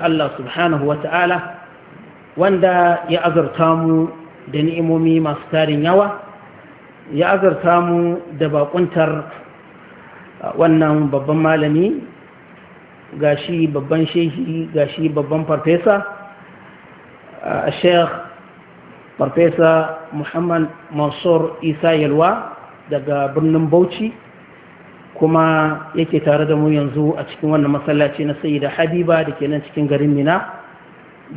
Allah subhanahu wa ta'ala wanda ya azarta mu da ni'imomi masu tarin yawa ya azarta mu da bakuntar wannan babban malami gashi babban shehi gashi babban farfesa a sheikh farfesa muhammad mansur isa yalwa daga birnin bauchi kuma yake tare da mu yanzu a cikin wannan masallaci na sayi habiba da ke nan cikin garin mina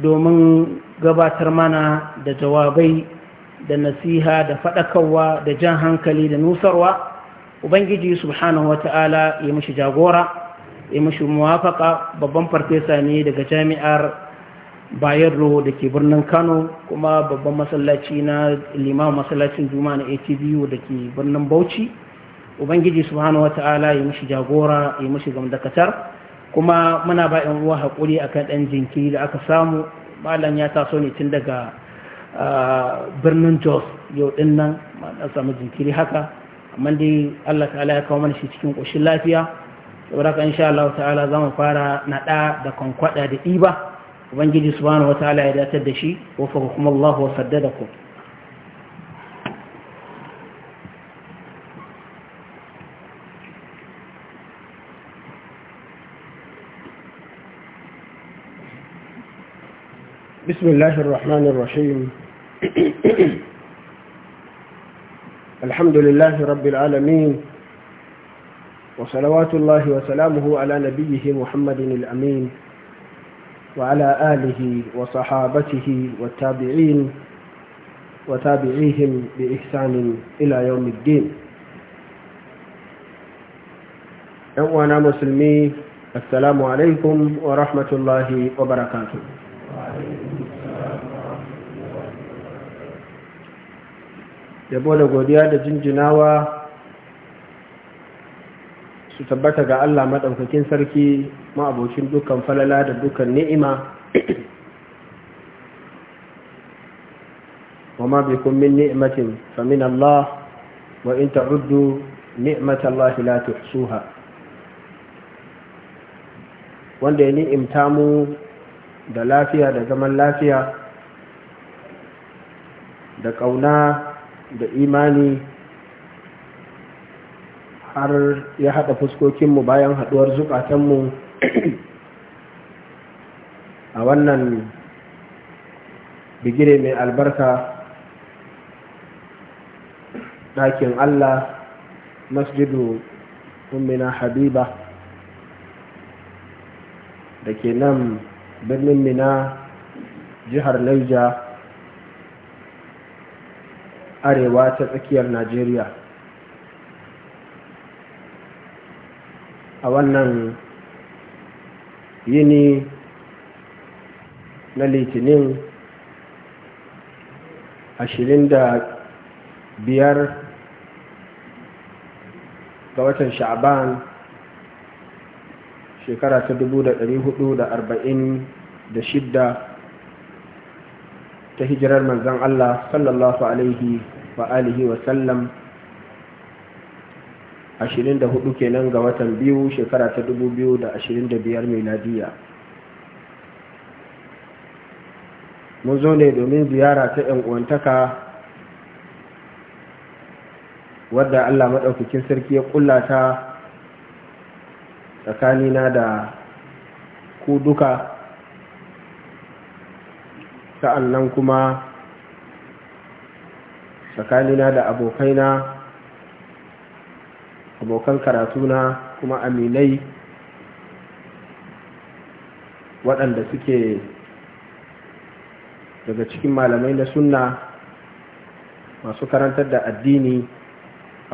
domin gabatar mana da jawabai da nasiha da faɗakarwa da jan hankali da nusarwa ubangiji subhanahu wata'ala ya mashi jagora ya mashi muwafaka babban farfesa ne daga jami'ar bayero da ke birnin kano kuma babban masallaci na limamin masallacin juma'a na atbu da ke birnin bauchi ubangiji subhanahu ta'ala ya mishi jagora ya mishi gamdakatar kuma muna ba yan uwa hakuri akan ɗan jinkiri da aka samu malam ya taso ne tun daga birnin jos yau din nan ma samu jinkiri haka amma dai Allah ta'ala ya kawo mana shi cikin ƙoshin lafiya saboda ka insha Allah ta'ala za mu fara naɗa da kwankwada da ɗiba ubangiji subhanahu ta'ala ya datar da shi wa fa kuma Allah wa saddada ku بسم الله الرحمن الرحيم الحمد لله رب العالمين وصلوات الله وسلامه على نبيه محمد الأمين وعلى آله وصحابته والتابعين وتابعيهم بإحسان إلى يوم الدين أوانا مسلمي السلام عليكم ورحمة الله وبركاته yabo da godiya da jinjinawa su tabbata ga Allah maɗaukakin sarki ma'abokin dukkan falala da dukkan ni'ima wa ma kun min ni'imatin fa min Allah wa in ta'uddu ni'imata Allah la tuhsuha wanda ya ni'imta mu da lafiya da zaman lafiya da ƙauna da imani har ya haɗa fuskokinmu bayan haɗuwar zukatanmu a wannan bigire mai albarka ɗakin Allah masjidu ummina habiba da ke nan birnin mina jihar Naija arewa ta tsakiyar najeriya a wannan yini na litinin ashirin da biyar ga watan sha'aban shekara ta da da arba'in shidda ta hijirar manzan Allah sallallahu alaihi wa alihi wa sallam ke kenan ga watan biyu shekara ta da biyar mai nadiya mun zo ne domin ziyara ta 'yan uwantaka wadda Allah maɗaukakin sarki ya ƙulla ta tsakanina da ku duka sa'an nan kuma tsakanina da abokaina abokan karatuna kuma aminai waɗanda suke daga cikin malamai na sunna masu karantar da addini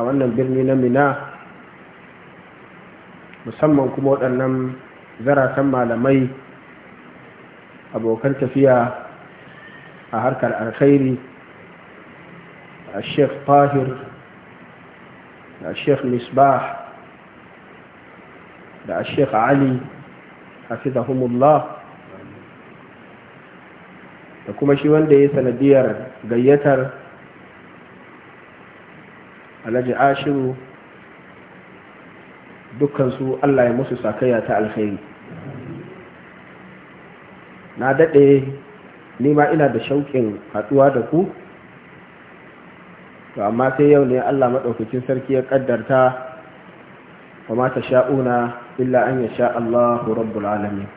a wannan birni na mina musamman kuma waɗannan zaratan malamai abokan tafiya a harkar alkhairi الشيخ طاهر الشيخ مصباح الشيخ علي حفظهم الله da kuma shi wanda ya yi sanadiyar gayyatar alhaji ashiru dukansu allah ya musu sakayya ta alkhairi na daɗe nima ina da shauƙin haɗuwa da ku to amma sai yau ne Allah maɗaukacin sarki ya ƙaddarta wa ta sha'una illa an ya sha Allahu rabbul alamin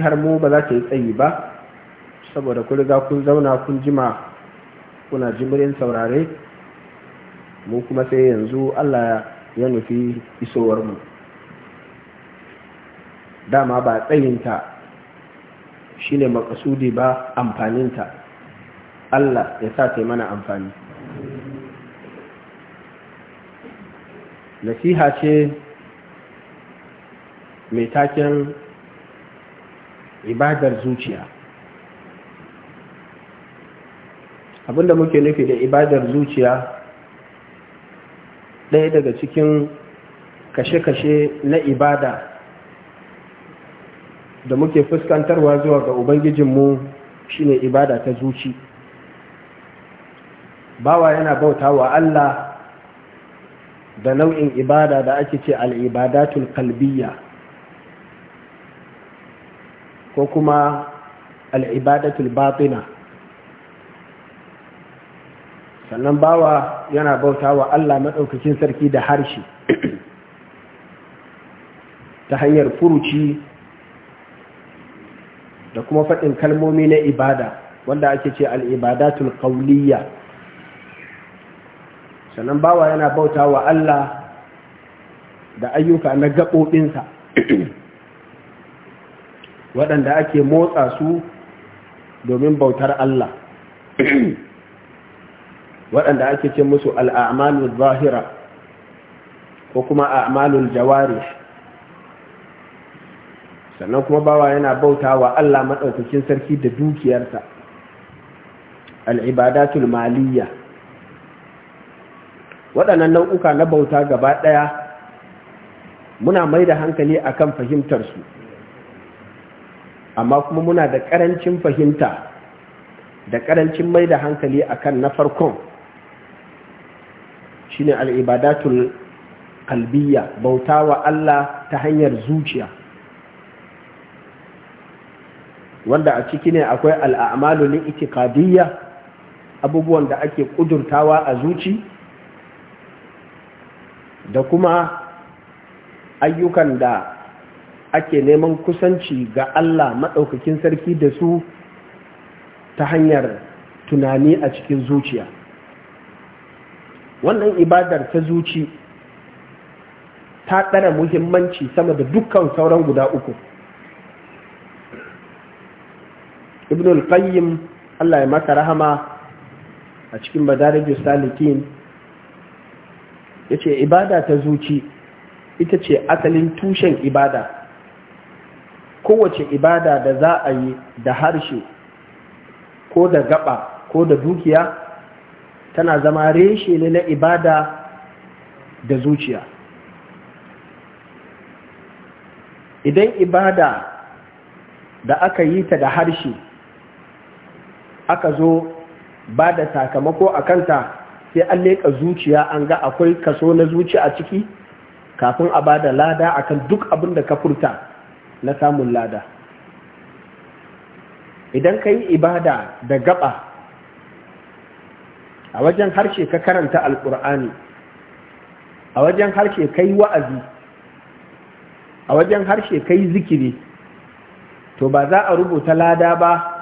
har mu ba za ta yi tsayi ba saboda ku riga kun zauna kun jima kuna jimirin saurare mu kuma sai yanzu Allah ya nufi isowar mu dama ba tsayinta shine makasudi ba amfaninta Allah ya sa ta mana amfani nasiha ce mai taken ibadar zuciya abinda muke nufi da ibadar zuciya ɗaya daga cikin kashe-kashe na ibada da muke fuskantarwa zuwa ga ubangijinmu shine ibada ta zuci bawa yana bauta wa Allah da nau'in ibada da ake ce al'ibadatul kalbiya ko kuma al'ibadatul batina sannan bawa yana bauta wa Allah maɗaukakin sarki da harshe ta hanyar furuci da kuma faɗin kalmomi na ibada wanda ake ce al'ibadatul kauliya sannan bawa yana bauta wa Allah da ayyuka na gaɓoɓinsa waɗanda ake motsa su domin bautar Allah waɗanda ake ce musu al’amalin zahira ko kuma a'malul jawari sannan kuma bawa yana bauta wa Allah maɗaukakin sarki da dukiyarsa al'ibadatul maliyya waɗannan nau'uka na bauta gaba ɗaya muna mai da hankali a kan fahimtarsu amma kuma muna da ƙarancin fahimta da ƙarancin mai da hankali a kan na farkon shi ne al'ibadatul kalbiya bauta wa Allah ta hanyar zuciya wanda a ciki ne akwai al'amalolin itikadiyya abubuwan da ake ƙudurtawa a zuci da kuma ayyukan da ake neman kusanci ga Allah maɗaukakin sarki da su ta hanyar tunani a cikin zuciya wannan ibadar ta zuci ta ɗara muhimmanci sama da dukkan sauran guda uku ibn al-qayyim Allah ya mata rahama a cikin madarajus salikin ya ce ibada ta zuci ita ce asalin tushen ibada kowace ibada da za a yi da harshe ko da gaba ko da dukiya tana zama reshe ne na ibada da zuciya idan ibada da aka yi ta da harshe aka zo ba da sakamako a kanta sai an leƙa zuciya an ga akwai kaso na zuciya a ciki kafin a bada lada akan duk abin da ka furta na samun lada idan ka yi ibada da gaba a wajen harshe ka karanta Alƙur'ani, a wajen harshe ka yi wa'azi a wajen harshe ka yi zikiri to ba za a rubuta lada ba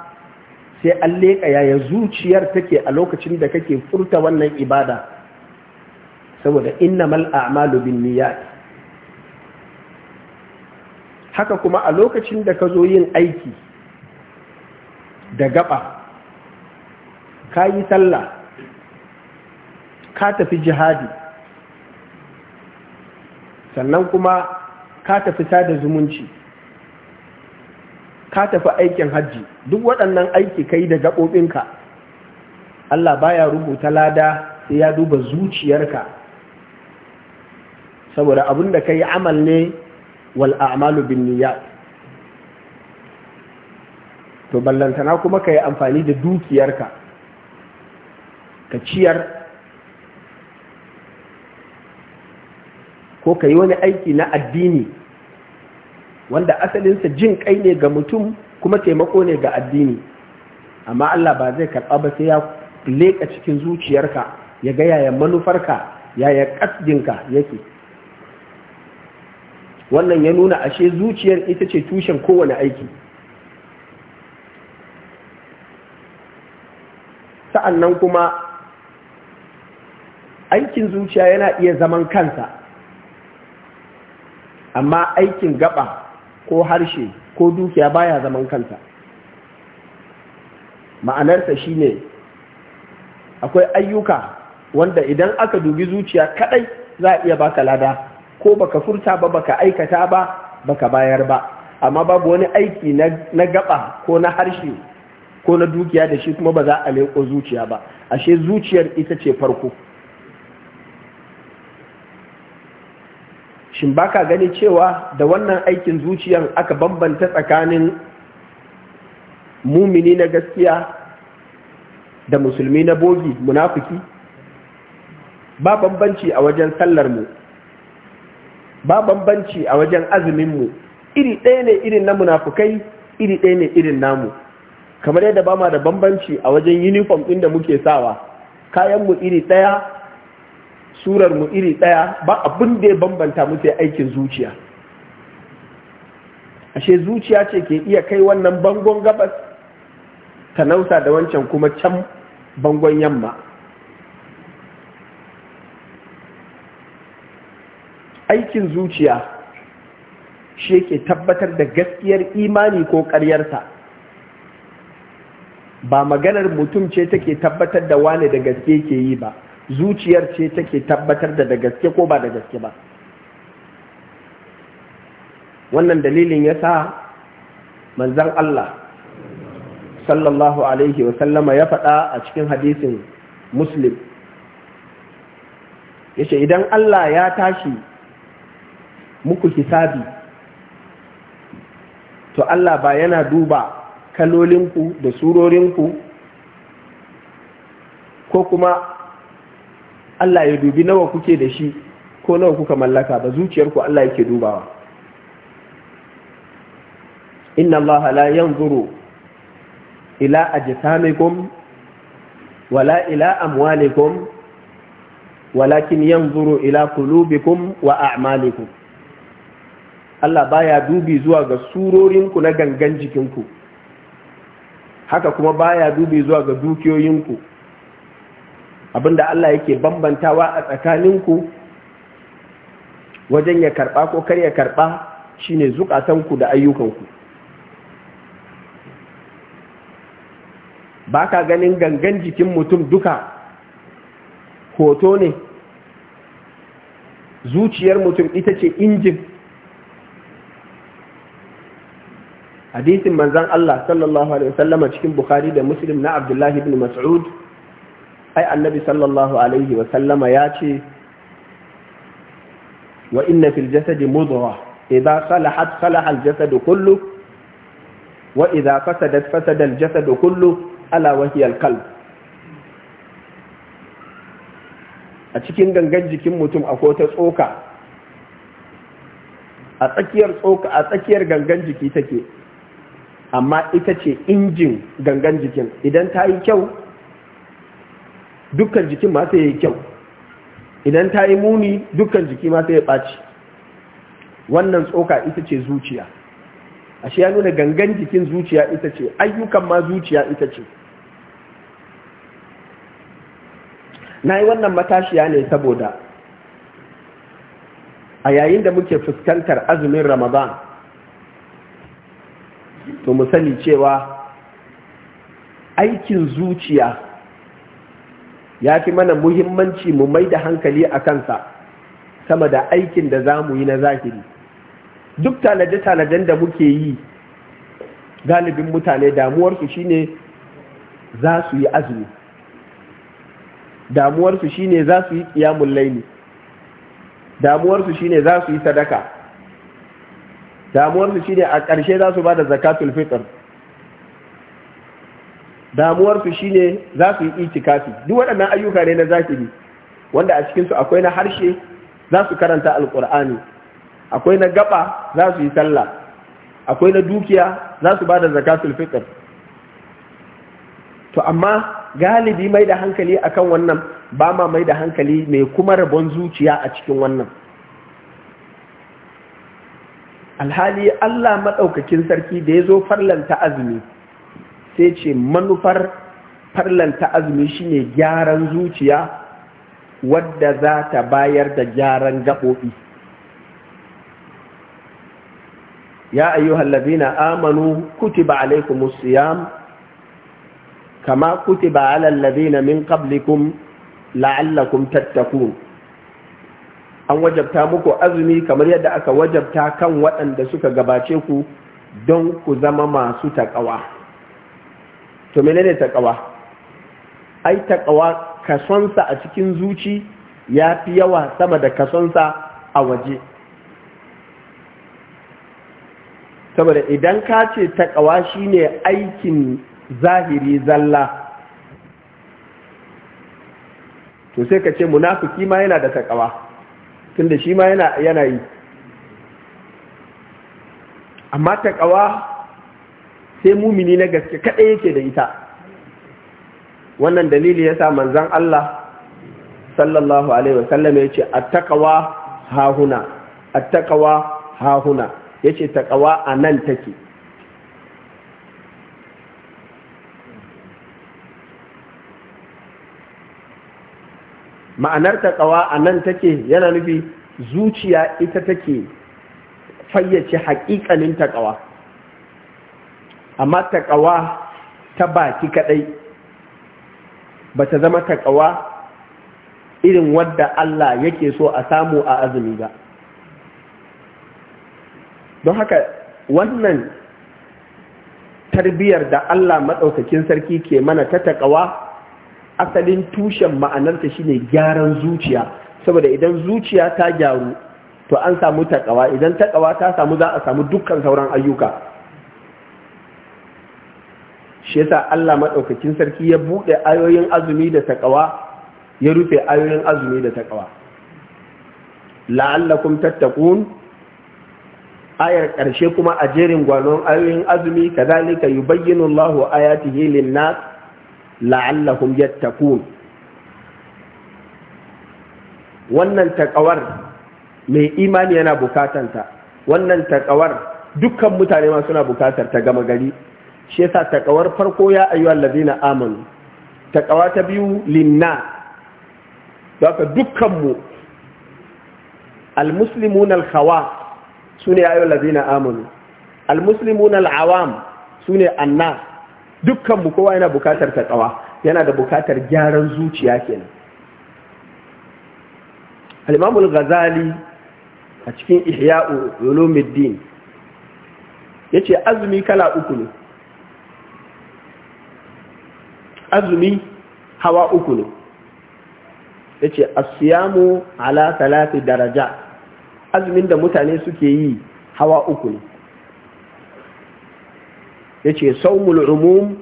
sai an leƙa yaya zuciyar take a lokacin da kake furta wannan ibada saboda inna innamal a'malu binniyat haka kuma a lokacin da ka zo yin aiki da gaba ka yi sallah ka tafi jihadi sannan kuma ka tafi sada zumunci ka tafi aikin hajji duk waɗannan aiki yi da gaɓoɓinka Allah baya rubuta lada sai ya duba zuciyarka saboda abin da yi amal ne wal a'malu bin niyyat to ballantana kuma ka yi amfani da dukiyarka ka ciyar ko ka yi wani aiki na addini wanda asalinsa jin kai ne ga mutum kuma taimako ne ga addini amma Allah ba zai karɓa ba sai ya leka cikin zuciyarka ya ga yaya manufarka yaya kasdinka yake wannan ya nuna ashe zuciyar ita ce tushen kowane aiki sa'annan kuma aikin zuciya yana iya zaman kansa amma aikin gaba ko harshe ko dukiya baya zaman kanta ma'anarsa shine akwai ayyuka wanda idan aka dubi zuciya kadai za a iya baka lada ko baka furta ba baka aikata ba baka bayar ba amma babu wani aiki na gaba ko na harshe ko na dukiya da shi kuma ba za a leko zuciya ba ashe zuciyar ita ce farko shin ba ka gani cewa da wannan aikin zuciyan aka bambanta tsakanin mumini na gaskiya da musulmi na bogi munafiki ba bambanci a wajen sallarmu ba bambanci a wajen azuminmu iri ɗaya ne irin na munafukai iri ɗaya ne irin namu kamar yadda ba ma da bambanci a wajen uniform ɗin da muke sawa kayanmu iri ɗaya surar mu iri ɗaya ba abin da ya bambanta mu sai aikin zuciya ashe zuciya ce ke iya kai wannan bangon gabas ta nausa da wancan kuma can bangon yamma aikin zuciya shi yake tabbatar da gaskiyar imani ko ƙaryarsa ba maganar mutum ce take tabbatar da wane da gaske ke yi ba zuciyar ce take tabbatar da da gaske ko ba da gaske ba wannan dalilin ya sa manzan Allah sallallahu alaihi wasallama ya faɗa a cikin hadisin muslim ya ce idan Allah ya tashi muku hisabi to Allah ba yana duba kalolinku da surorinku ko kuma Allah ya dubi nawa kuke da shi ko nawa kuka mallaka ba zuciyarku Allah yake dubawa inna Allah la yanzuru ila ajsamikum wala ila amwalikum walakin yanzuru ila qulubikum wa a'malikum Allah baya dubi zuwa ga surorinku na gangan jikinku haka kuma baya dubi zuwa ga dukiyoyinku abinda Allah yake bambantawa a tsakaninku wajen ya karɓa ko kar ya karɓa shine zukatanku da ayyukanku ba ka ganin gangan jikin mutum duka hoto ne zuciyar mutum ita ce injin hadisin manzan Allah sallallahu Alaihi wasallama cikin Bukhari da Muslim na Abdullahi ibn Mas'ud ai annabi sallallahu alaihi wa sallama ya ce wa inna fil jasadi mudghah idza salahat salaha al jasadu kullu wa idza fasadat fasada al jasadu kullu ala wa hiya al qalb a cikin gangan jikin mutum akwai ta tsoka a tsakiyar tsoka a tsakiyar gangan jiki take amma ita ce injin gangan jikin idan ta yi kyau dukkan jikin ma sai ya yi kyau idan ta yi muni dukkan jiki ma sai ya ɓaci wannan tsoka ita ce zuciya ashe ya nuna gangan jikin zuciya ita ce ayyukan ma zuciya ita ce na yi wannan matashiya ne saboda a yayin da muke fuskantar azumin ramadan to mu cewa aikin zuciya ya fi mana muhimmanci mu mai da hankali a kansa sama da aikin da za mu yi na zahiri duk talaje-talajen da muke yi galibin mutane damuwarsu shine za su yi azumi damuwarsu shine za su yi kiyamun laini damuwarsu shine za su yi sadaka damuwarsu shine a ƙarshe za su ba da zakatul fitr damuwarsu shine za su yi itikafi duk waɗannan ayyuka ne na zahiri wanda a cikinsu akwai na harshe za su karanta alƙur'ani akwai na gaba za su yi sallah akwai na dukiya za su ba da zakatul fitr to amma galibi mai da hankali akan wannan ba ma mai da hankali mai kuma rabon zuciya a cikin wannan alhali Allah maɗaukakin sarki da ya zo farlanta azumi sai ce manufar farlanta azumi shine gyaran zuciya wadda za ta bayar da gyaran gaɓoɓi ya ayyuhal na amanu kutiba alaikumus siyam kama kutiba alal ladina min qablikum la'allakum tattaku. an wajabta muku azumi kamar yadda aka wajabta kan waɗanda suka gabace ku don ku zama masu taƙawa to menene taqwa ai taqwa kasonsa a cikin zuci ya fi yawa sama da kasonsa a waje saboda idan ka ce taqwa shine aikin zahiri zalla to sai ka ce munafiki ma yana da taqwa tunda shi ma yana yana yi amma taqwa sai mumini na gaske kaɗai yake da ita wannan dalili ya sa manzan Allah sallallahu alaihi wasallam ya ce a takawa hahuna a takawa hahuna Ya ce yace a nan take ma'anar a anan take yana nufi zuciya ita take fayyace haƙiƙanin ƙawa. amma taƙawa ta baki kaɗai ba ta zama taƙawa irin wanda Allah yake so a samu a azumi ba don haka wannan tarbiyar da Allah maɗaukakin sarki ke mana ta taƙawa asalin tushen ma'anarta shine gyaran zuciya saboda idan zuciya ta gyaru to an samu taƙawa idan taƙawa ta samu za a samu dukkan sauran ayyuka shi yasa Allah madaukakin sarki ya bude ayoyin azumi da taqwa ya rufe ayoyin azumi da taqwa la'allakum tattaqun ayar karshe kuma a jerin gwanon ayoyin azumi kadhalika yubayyinu Allahu ayatihi lin-nas la'allakum yattaqun wannan takawar mai imani yana bukatanta wannan takawar dukkan mutane ma suna bukatar ta gama gari shi yasa takawar farko ya ayyu allazina amanu takawa ta biyu linna daga dukkan mu almuslimun alkhawa sune ya ayyu allazina amanu almuslimun alawam sune anna dukkan mu kowa yana bukatar takawa yana da bukatar gyaran zuciya kenan al-imam al-ghazali a cikin ihya'u ulumuddin yace azumi kala uku ne azumi hawa uku ne Ya ce asiyamu ala talati daraja azumin da mutane suke yi hawa uku ne Ya yace saumul umum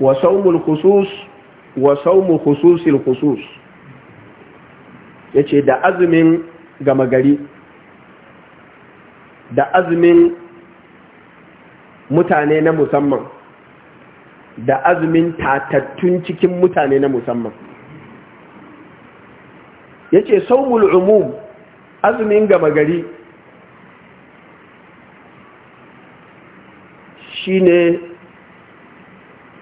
wa saumul khusus wa saumul khususil khusus ce da azumin gama gari da azumin mutane na musamman da azumin tatattun cikin mutane na musamman ya ce saumul umum azumin gama gari shi ne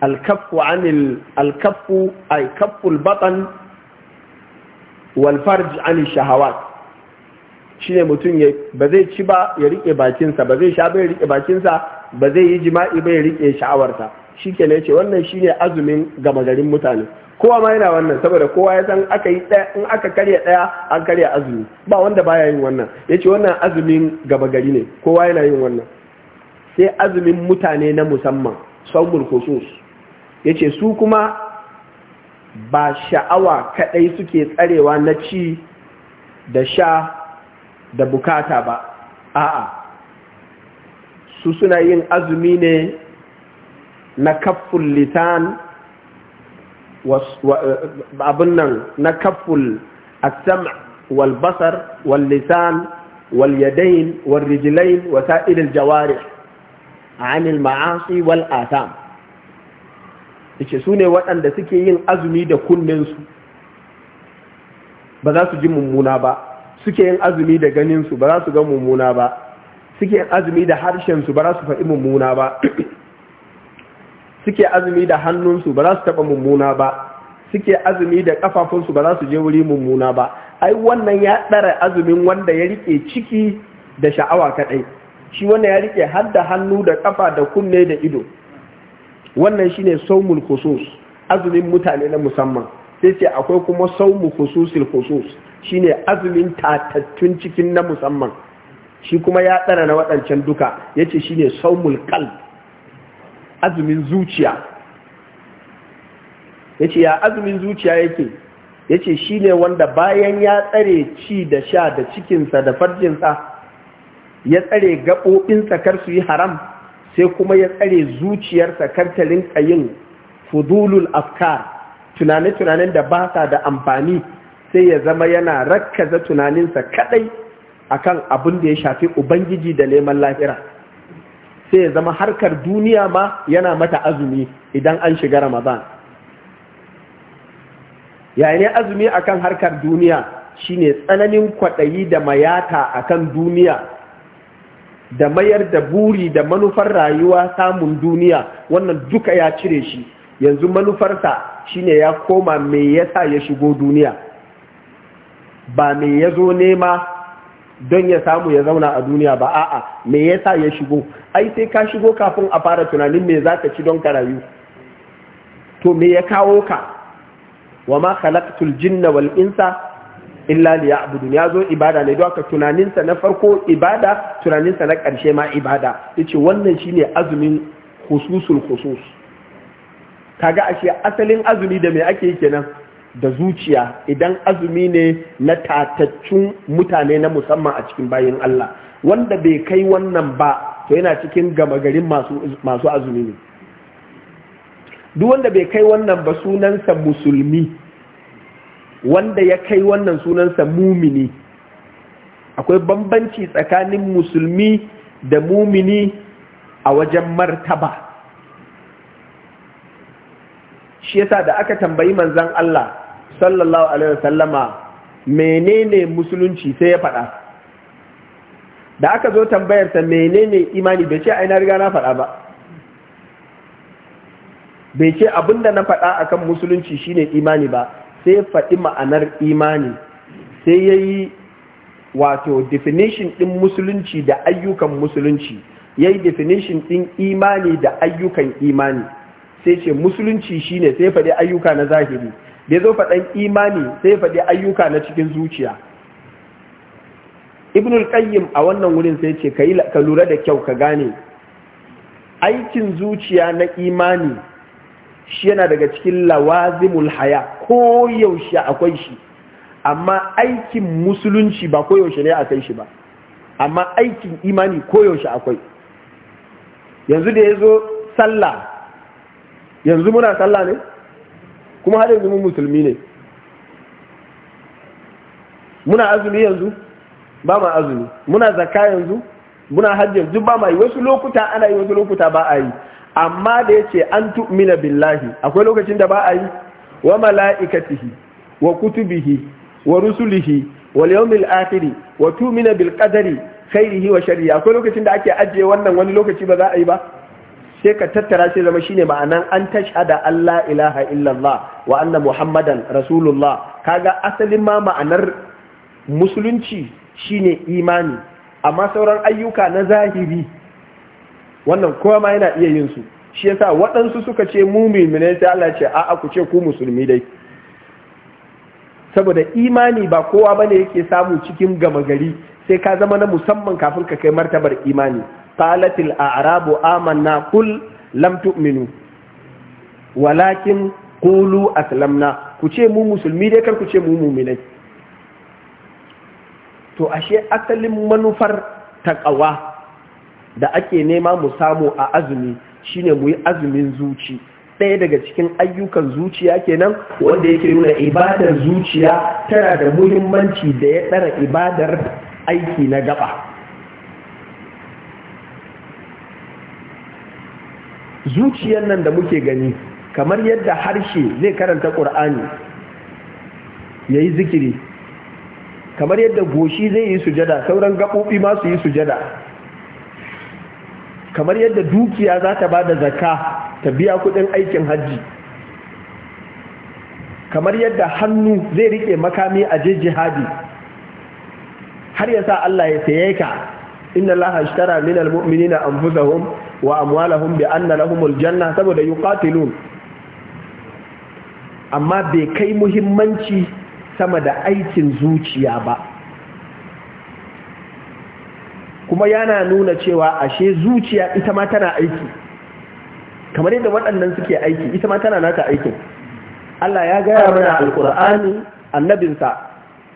alkafu anil alkafu aikaful batan walfarj anil shahawat shi ne mutum ba zai ci ba ya rike bakinsa ba zai sha ba ya rike bakinsa ba zai yi jima'i ba ya rike sha'awarta. shi ke ce wannan shi azumin gama garin mutane kowa ma yana wannan saboda kowa ya san aka yi daya in aka karya ɗaya an karya azumi ba wanda baya yin wannan ya ce wannan azumin gaba gari ne kowa yana yin wannan sai azumin mutane na musamman saumul khusus ya ce su kuma ba sha'awa kaɗai suke tsarewa na ci da sha da bukata ba a'a su suna yin azumi ne na kaful lisan eh, abin nan na kaful asam wal basar wal lisan wal yadain wal rijilain wa jawari anil ma'asi wal atam yace su ne waɗanda suke yin azumi da kunninsu ba za su ji mummuna ba suke yin azumi da ganinsu ba za su ga mummuna ba suke yin azumi da harshensu ba za su faɗi mummuna ba suke azumi da hannunsu ba za su taɓa mummuna ba suke azumi da kafafunsu ba za su je wuri mummuna ba ai wannan ya ɗara azumin wanda ya riƙe ciki da sha'awa kaɗai shi wanda ya riƙe har da hannu da ƙafa da kunne da ido wannan shi ne saumul khusus azumin mutane na musamman sai ce akwai kuma saumu khususil khusus ne azumin tatattun cikin na musamman shi kuma ya ɗara na waɗancan duka ya ce shi ne saumul kalb azumin zuciya ya ce ya azumin zuciya yake ya ce shi ne wanda bayan ya tsare ci da sha da cikinsa da farjinsa ya tsare gaɓoɓinsa kar su yi haram sai kuma ya tsare zuciyarsa kar ta rinka yin fudulul afkar tunane-tunanen da ba sa da amfani sai ya zama yana rakkaza tunaninsa kaɗai akan abin da ya shafi ubangiji da neman lahira sai ya zama harkar duniya ma yana mata azumi idan an shiga ramadan yayin azumi akan harkar duniya shine tsananin kwaɗayi da mayata akan duniya da mayar da buri da manufar rayuwa samun duniya wannan duka ya cire shi yanzu manufarsa shine ya koma me yasa ya shigo duniya ba me ya zo nema don ya samu ya zauna a duniya ba a'a me yasa ya shigo ai sai ka shigo kafin a fara tunanin me za ka ci don ka rayu to me ya kawo ka wa ma khalaqtul jinna wal insa illa liya'budu ya zo ibada ne don tunaninsa na farko ibada tunaninsa na karshe ma ibada yace wannan shine azumin khususul husus kaga ashe asalin azumi da me ake yi kenan da zuciya idan azumi ne na tataccun mutane na musamman a cikin bayin Allah wanda bai kai wannan ba to yana cikin gama garin masu azumi ne duk wanda bai kai wannan ba sunansa musulmi wanda ya kai wannan sunansa mumini akwai bambanci tsakanin musulmi da mumini a wajen martaba shi yasa da aka tambayi manzon Allah sallallahu alaihi wasallama menene musulunci sai ya faɗa da aka zo tambayar tambayarsa menene imani bai ce aina riga na faɗa ba bai ce abinda na faɗa akan musulunci shine imani ba sai faɗi ma'anar imani sai yayi wato definition ɗin musulunci da ayyukan musulunci yayi yi definition ɗin imani da ayyukan imani sai ce musulunci shi shine sai faɗi ayyuka na zahiri bai zo faɗan imani sai faɗi ayyuka na cikin zuciya ibn al-qayyim a wannan wurin sai ce ka lura da kyau ka gane aikin zuciya na imani shi yana daga cikin lawazimul haya ko yaushe akwai shi amma aikin musulunci ba ko yaushe ne akai shi ba amma aikin imani ko yaushe akwai yanzu da yazo sallah yanzu muna sallah ne kuma har yanzu mun musulmi ne muna azumi yanzu ba ma azumi muna zakka yanzu muna hajji yanzu ba ma yi wasu lokuta ana yi wasu lokuta ba a yi amma da ya ce an tu'mina billahi akwai lokacin da ba a yi wa mala'ikatihi wa kutubihi wa rusulihi wa yawmil akhir wa tu'mina bil qadari khairihi wa sharrihi akwai lokacin da ake ajiye wannan wani lokaci ba za a yi ba sai ka tattara sai zama shine ma'anan an tashhada Allah ilaha illallah wa anna muhammadan rasulullah kaga asalin ma ma'anar musulunci shine imani amma sauran ayyuka na zahiri wannan kowa ma yana iya yin su shi yasa waɗansu suka ce mu mu'mine sai Allah ce a'a ku ce ku musulmi dai saboda imani ba kowa bane yake samu cikin gama gari sai ka zama na musamman kafin ka kai martabar imani قالت a'rabu آمنا قل لم تؤمنوا walakin قولوا aslamna ku ce mu musulmi dai kar ku ce mu mu'minai to ashe asalin manufar taqawa da ake nema mu samu a azumi shine mu yi azumin zuci ɗaya daga cikin ayyukan zuciya kenan wanda yake nuna ibadar zuciya tana da muhimmanci da ya ɗara ibadar aiki na gaba zuciyar nan da muke gani kamar yadda harshe zai karanta ƙur'ani ya yi zikiri kamar yadda goshi zai yi sujada sauran gaɓoɓi masu yi sujada kamar yadda dukiya za ta ba da zaka ta biya kuɗin aikin hajji kamar yadda hannu zai rike makami a je jihadi har yasa Allah ya sayeka inna Allah ashtara minal mu'minina anfusahum wa amwalahum bi anna lahumul janna saboda yuqatilun amma bai kai muhimmanci sama da aikin zuciya ba kuma yana nuna cewa ashe zuciya ita ma tana aiki kamar yadda waɗannan suke aiki ita ma tana naka aikin Allah ya gaya mana alkur'ani annabinsa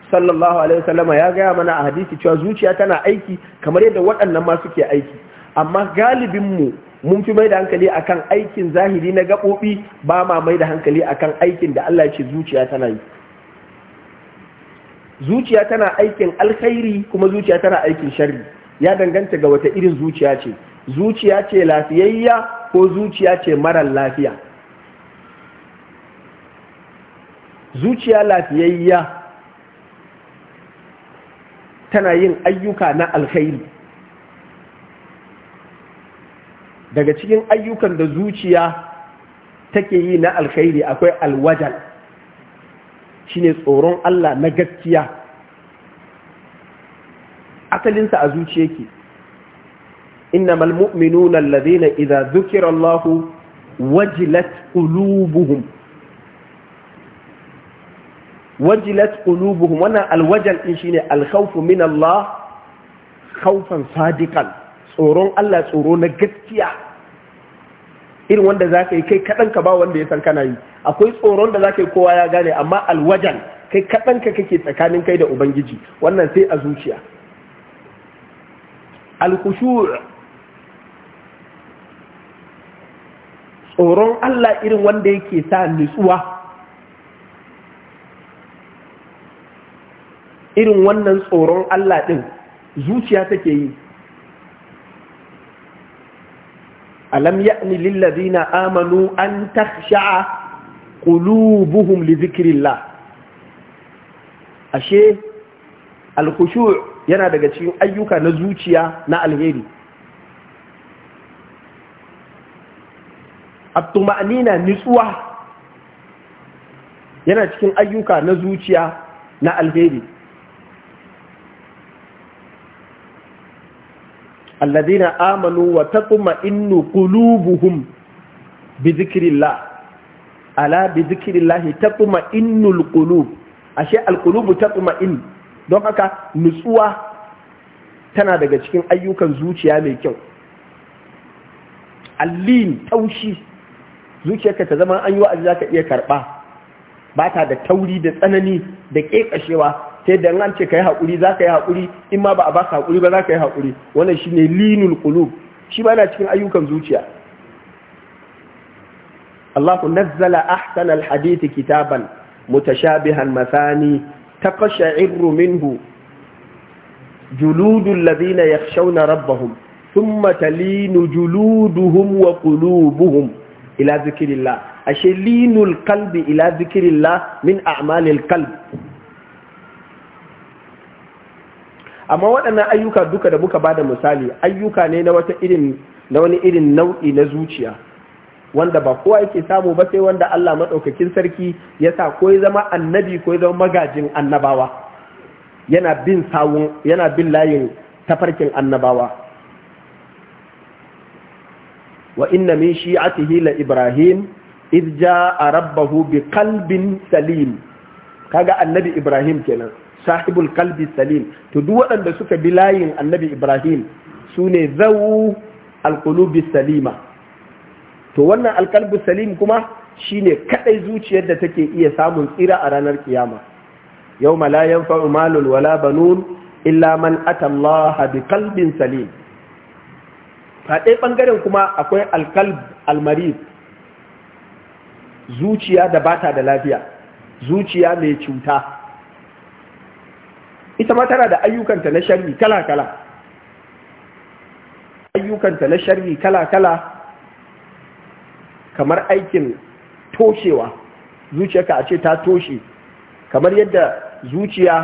sallallahu alaihi wasallama ya gaya mana a hadisi cewa zuciya tana aiki kamar yadda waɗannan ma suke aiki amma galibinmu mun fi mai da hankali akan aikin zahiri na gaɓoɓi ba ma mai da hankali akan aikin da Allah ce zuciya tana yi zuciya tana aikin alkhairi kuma zuciya tana aikin sharri ya danganta ga wata irin zuciya ce zuciya ce lafiyayya ko zuciya ce marar lafiya zuciya lafiyayya tana yin ayyuka na alkhairi daga cikin ayyukan da zuciya take yi na alkhairi akwai alwajal shine tsoron Allah na gaskiya asalinsa a zuciya ke innamal mu'minuna alladhina idza dhukira Allah wajilat qulubuhum wajilat qulubuhum wannan alwajal din shine alkhawfu min Allah khawfan sadiqan tsoron Allah tsoro na gaskiya irin wanda za ka yi kai kaɗan ka ba wanda ya san kana yi akwai tsoron da za ka yi kowa ya gane amma alwajan kai kaɗan ka kake tsakanin kai da ubangiji wannan sai a zuciya alkushur tsoron Allah irin wanda yake sa nutsuwa irin wannan tsoron Allah ɗin zuciya take yi alam ya'ni lil ladina amanu an takhsha'a qulubuhum li dhikrillah ashe al khushu' yana daga cikin ayyuka na zuciya na alheri at-tuma'nina nutsuwa yana cikin ayyuka na zuciya na alheri alladina amanu wa taquma innu qulubuhum bi zikrillah ala bi zikrillah taquma innul qulub ashe al alqulubu taquma in don haka nutsuwa tana daga cikin ayyukan zuciya mai kyau allin taushi zuciyarka ta zama an yi wa'azi zaka iya karɓa. ba ta da tauri da tsanani da kekashewa sai da an ce ka yi haƙuri za ka yi haƙuri in ma ba a baka haƙuri ba za ka yi haƙuri wannan shine linul qulub shi ba cikin ayyukan zuciya Allah nazzala ahsana alhadith kitaban mutashabihan masani taqsha'irru minhu juludul ladina yakhshawna rabbahum thumma talinu juluduhum wa qulubuhum ila zikrillah ashe linul qalbi ila zikrillah min a'malil qalbi amma waɗannan ayyuka duka da muka bada misali ayyuka ne na wata irin na wani irin nau'i na zuciya wanda ba kowa yake samu ba sai wanda Allah maɗaukakin sarki ya sa ko ya zama annabi ko ya zama magajin annabawa yana bin sawun yana bin layin tafarkin annabawa wa inna min shi'atihi la ibrahim idh jaa rabbahu bi qalbin salim kaga annabi ibrahim kenan sahibul kalbi salim to duk waɗanda suka bi layin annabi ibrahim su ne zau alkulubi salima to wannan alkalbi salim kuma shine kadai zuciyar da take iya samun tsira a ranar kiyama yau la yanfa'u malul wala banun illa man ata bi qalbin salim faɗe ɓangaren kuma akwai alkalb almariz zuciya da bata da lafiya zuciya mai cuta ita ma tana da ayyukanta na sharri kala-kala ayyukanta na sharri kala-kala kamar aikin toshewa zuciyarka a ce ta toshe kamar yadda zuciya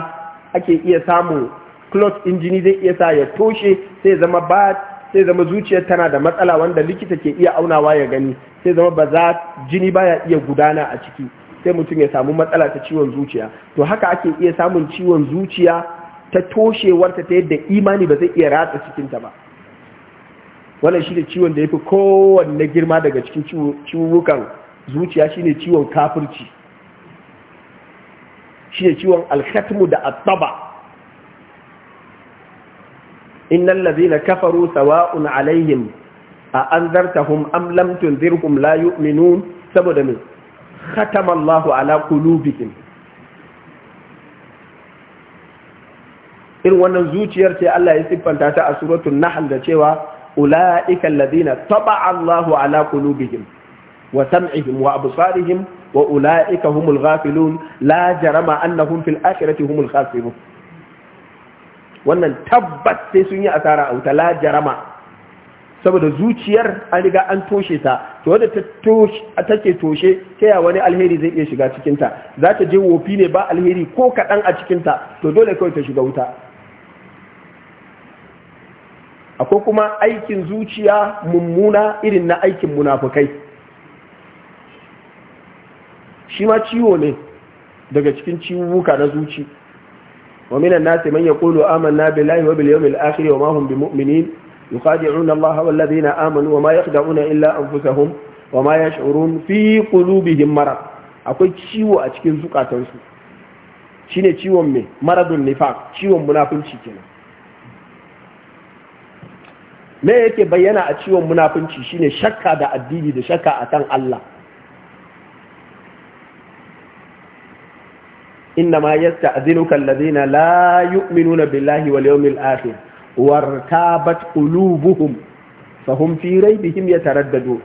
ake iya samun cloth injini zai iya sa ya toshe sai zama ba sai zama zuciyar tana da matsala wanda likita ke iya aunawa ya gani sai zama ba za jini baya iya gudana a ciki sai mutum ya samu matsala ta ciwon zuciya to haka ake iya samun ciwon zuciya ta toshewarta ta yadda imani ba zai iya ratsa cikinta ba wannan shi ne ciwon da ya fi kowanne girma daga cikin ciwukan zuciya shi ne ciwon kafirci shi ne ciwon alkhatmu da attaba innan na kafaru sawa'un alaihim a an zartahun amlamtun lam tunzirhum la yu'minun saboda mai khatama Allahu ala qulubihim irin wannan zuciyar ce Allah ya siffanta ta a suratun nahl da cewa ulaika alladhina taba Allahu ala qulubihim wa sam'ihim wa absarihim wa ulaika humul lajarama la jarama annahum fil akhirati wannan tabbat sai sun yi asara a wuta la jarama saboda zuciyar an riga an toshe ta to wadda take toshe ta ya wani alheri zai iya shiga cikinta za ta je wofi ne ba alheri ko kaɗan a cikinta to dole kawai ta shiga wuta akwai kuma aikin zuciya mummuna irin na aikin munafukai shi ma ciwo ne daga cikin ciwuka na zuci wa minan nasi man yaqulu amanna billahi wa bil yawmil akhir wa ma hum bimu'minin يخادعون الله والذين آمنوا وما يخدعون إلا أنفسهم وما يشعرون في قلوبهم مرض akwai ciwo a cikin zukatansu shine ciwon mai maradun nifaq ciwon munafunci kenan me yake bayyana a ciwon munafunci shine shakka da addini da shakka kan Allah inna ma yasta'dhinuka alladhina la yu'minuna billahi wa yawmil akhir wartabat qulubuhum fahum fi raibihim yataraddadu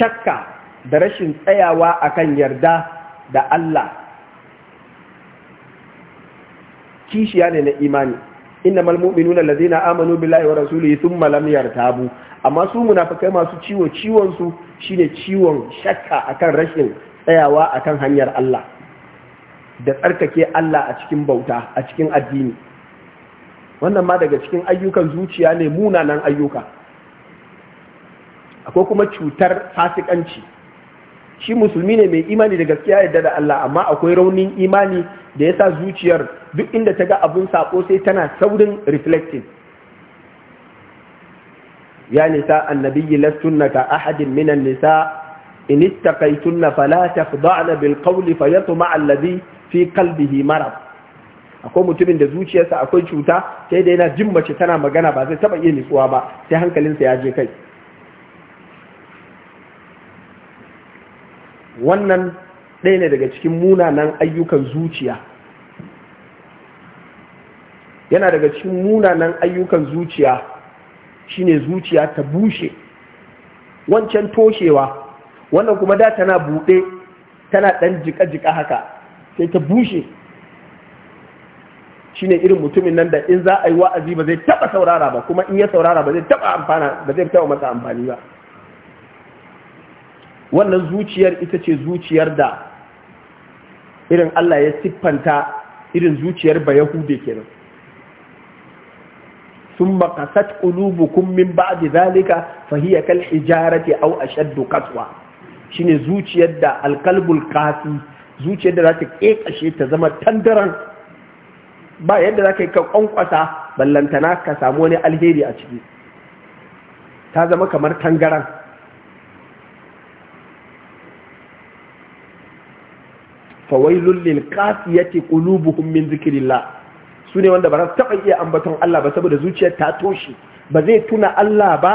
shakka da rashin tsayawa akan yarda da Allah kishiya ne na imani innamal mu'minuna allazina amanu billahi wa rasulihi thumma lam yartabu amma su munafikai masu ciwo ciwon su shine ciwon shakka akan rashin tsayawa akan hanyar Allah da tsarkake Allah a cikin bauta a cikin addini wannan ma daga cikin ayyukan zuciya ne munanan ayyuka akwai kuma cutar fasikanci shi musulmi ne mai imani da gaskiya yadda da Allah amma akwai raunin imani da yasa zuciyar duk inda ta ga abun sako sai tana saurin reflecting ya nisa annabiyyi lastunna ka ahadin minan nisa in ittaqaytunna fala tafda'na bil qawli fayatma alladhi fi qalbihi marad akwai mutumin da zuciyarsa akwai cuta sai dai yana jin mace tana magana ba zai taba iya nutsuwa ba sai hankalinsa ya je kai wannan ɗaya ne daga cikin munanan ayyukan zuciya yana daga cikin munanan ayyukan zuciya shine zuciya ta bushe wancan toshewa wannan kuma da tana buɗe tana ɗan jika-jika haka sai ta bushe shi ne irin mutumin nan da in za a yi wa'azi ba zai taba saurara ba kuma in ya saurara ba zai taba amfana ba zai taba mata amfani ba wannan zuciyar ita ce zuciyar da irin allah ya siffanta irin zuciyar ba yahude kenan sun makasat ƙulubu kun min ba da zalika fahiyar kan ijarati au a shaddu katuwa shi ne zuciyar da alkalbul kafi zuciyar da za ta ƙeƙashe ta zama tandaran ba yadda za ka yi ka ballantana ka samu wani alheri a ciki ta zama kamar tangaran fawailun lil qasiyati buhummin min su sune wanda ba za taɓa iya ambaton Allah ba saboda zuciyar ta toshe ba zai tuna Allah ba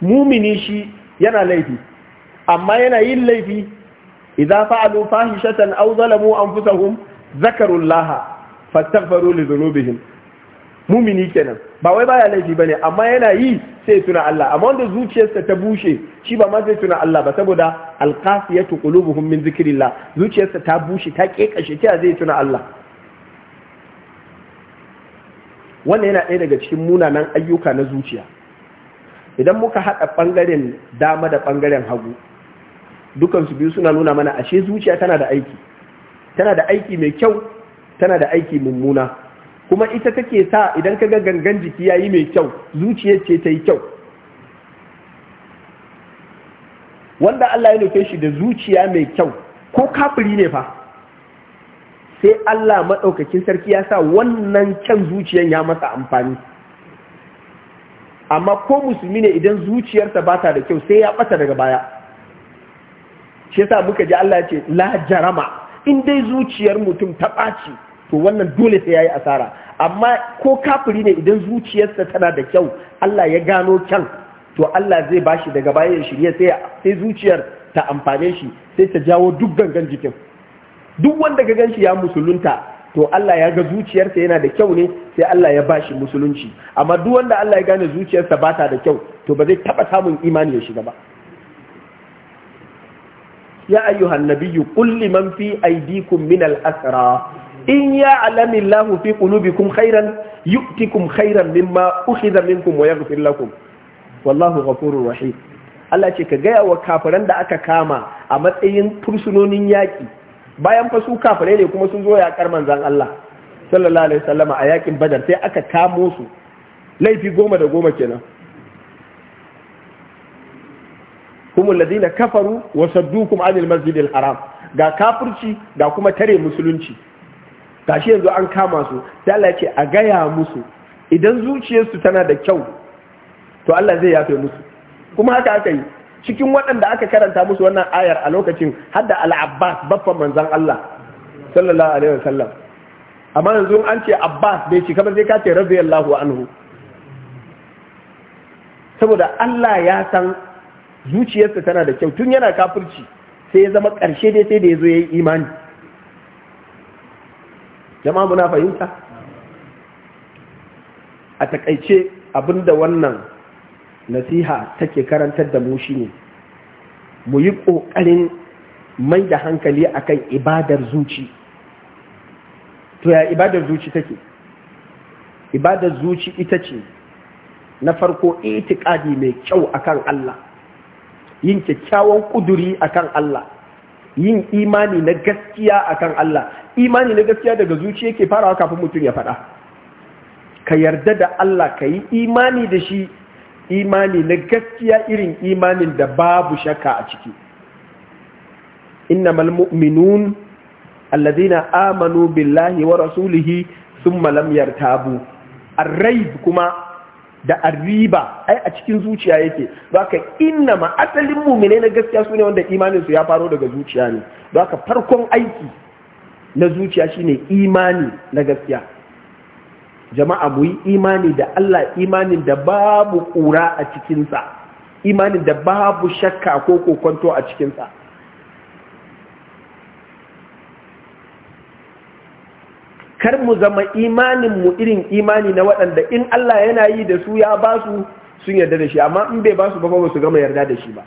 mumini shi yana laifi amma yana yin laifi idza fa'alu fahishatan an zalamu zakarun zakarullaha fastaghfiru li dhunubihim mumini kenan ba wai baya laifi bane amma yana yi sai tuna Allah amma wanda zuciyarsa ta bushe shi ba ma zai tuna Allah ba saboda alqasiyatu qulubuhum min dhikrillah zuciyarsa ta bushe ta kekashe ta zai tuna Allah wannan yana ɗaya daga cikin munanan ayyuka na zuciya idan muka haɗa ɓangaren dama da ɓangaren hagu dukansu biyu suna nuna mana ashe zuciya tana da aiki tana da aiki mai kyau tana da aiki mummuna kuma ita take sa idan ka ga gangan jiki ya yi mai kyau zuciyar ce ta yi kyau wanda Allah ya nufe shi da zuciya mai kyau ko kafiri ne fa sai Allah maɗaukakin sarki ya sa wannan kyan zuciyar ya masa amfani amma ko musulmi ne idan zuciyarsa ba ta da kyau sai ya ɓata daga baya shi sa muka ji Allah ya ce la jarama in dai zuciyar mutum ta ɓaci to wannan dole sai ya yi asara amma ko kafiri ne idan zuciyarsa tana da kyau Allah ya gano kyan to Allah zai ba shi daga bayan shirye sai sai zuciyar ta amfane shi sai ta jawo duk gangan jikin duk wanda ga ganshi ya musulunta to Allah ya ga zuciyarsa yana da kyau ne sai Allah ya ba shi musulunci amma duk wanda Allah ya gane zuciyarsa ba ta da kyau to ba zai taɓa samun imani ya shiga ba ya ayyuhan nabiyyu qul liman fi aydikum min al-asra in ya'lamu Allahu fi qulubikum khairan yu'tikum khairan mimma ukhidha minkum wa yaghfir lakum wallahu ghafurur rahim Allah ce ka gaya wa kafiran da aka kama a matsayin fursunonin yaƙi bayan fa su kafirai ne kuma sun zo yaƙar manzan Allah sallallahu alaihi wasallama a yaƙin badar sai aka kamo su laifi goma da goma kenan humul ladina kafaru wa saddukum anil masjidil haram ga kafirci ga kuma tare musulunci shi yanzu an kama su sai Allah ce a gaya musu idan zuciyarsu tana da kyau to Allah zai yafe musu kuma haka aka yi cikin waɗanda aka karanta musu wannan ayar a lokacin har da al-Abbas baffan manzon Allah sallallahu alaihi wasallam amma yanzu an ce Abbas bai ci kamar zai kace radiyallahu anhu saboda Allah ya san zuciyarsa tana da kyau tun yana kafirci sai ya zama ƙarshe dai sai da ya zo ya yi imani jama'a muna fahimta a takaice abinda wannan nasiha take karantar da mu ne mu yi ƙoƙarin mai da hankali akan ibadar zuci to ya ibadar zuci take ibadar zuci ita ce na farko itikadi mai kyau akan Allah yin kyakkyawan kuduri akan Allah yin imani na gaskiya akan Allah imani na gaskiya daga zuciya ke farawa kafin mutum ya faɗa ka yarda da Allah ka yi imani da shi imani na gaskiya irin imanin da babu shakka a ciki innamal mu'minun alladhina amanu billahi wa rasulihi sun lam yartabu ar-rayb kuma da arriba ai a cikin zuciya yake baka inna ma asalin mumine na gaskiya su ne wanda imanin su ya faro daga zuciya ne baka farkon aiki na zuciya shine imani na gaskiya jama'a mu yi imani da Allah imanin da babu kura a cikinsa imanin da babu shakka ko kokonto a cikinsa kar mu zama imanin mu irin imani na waɗanda in Allah yana yi da su ya ba su sun yarda da shi amma in bai ba su ba ba su gama yarda da shi ba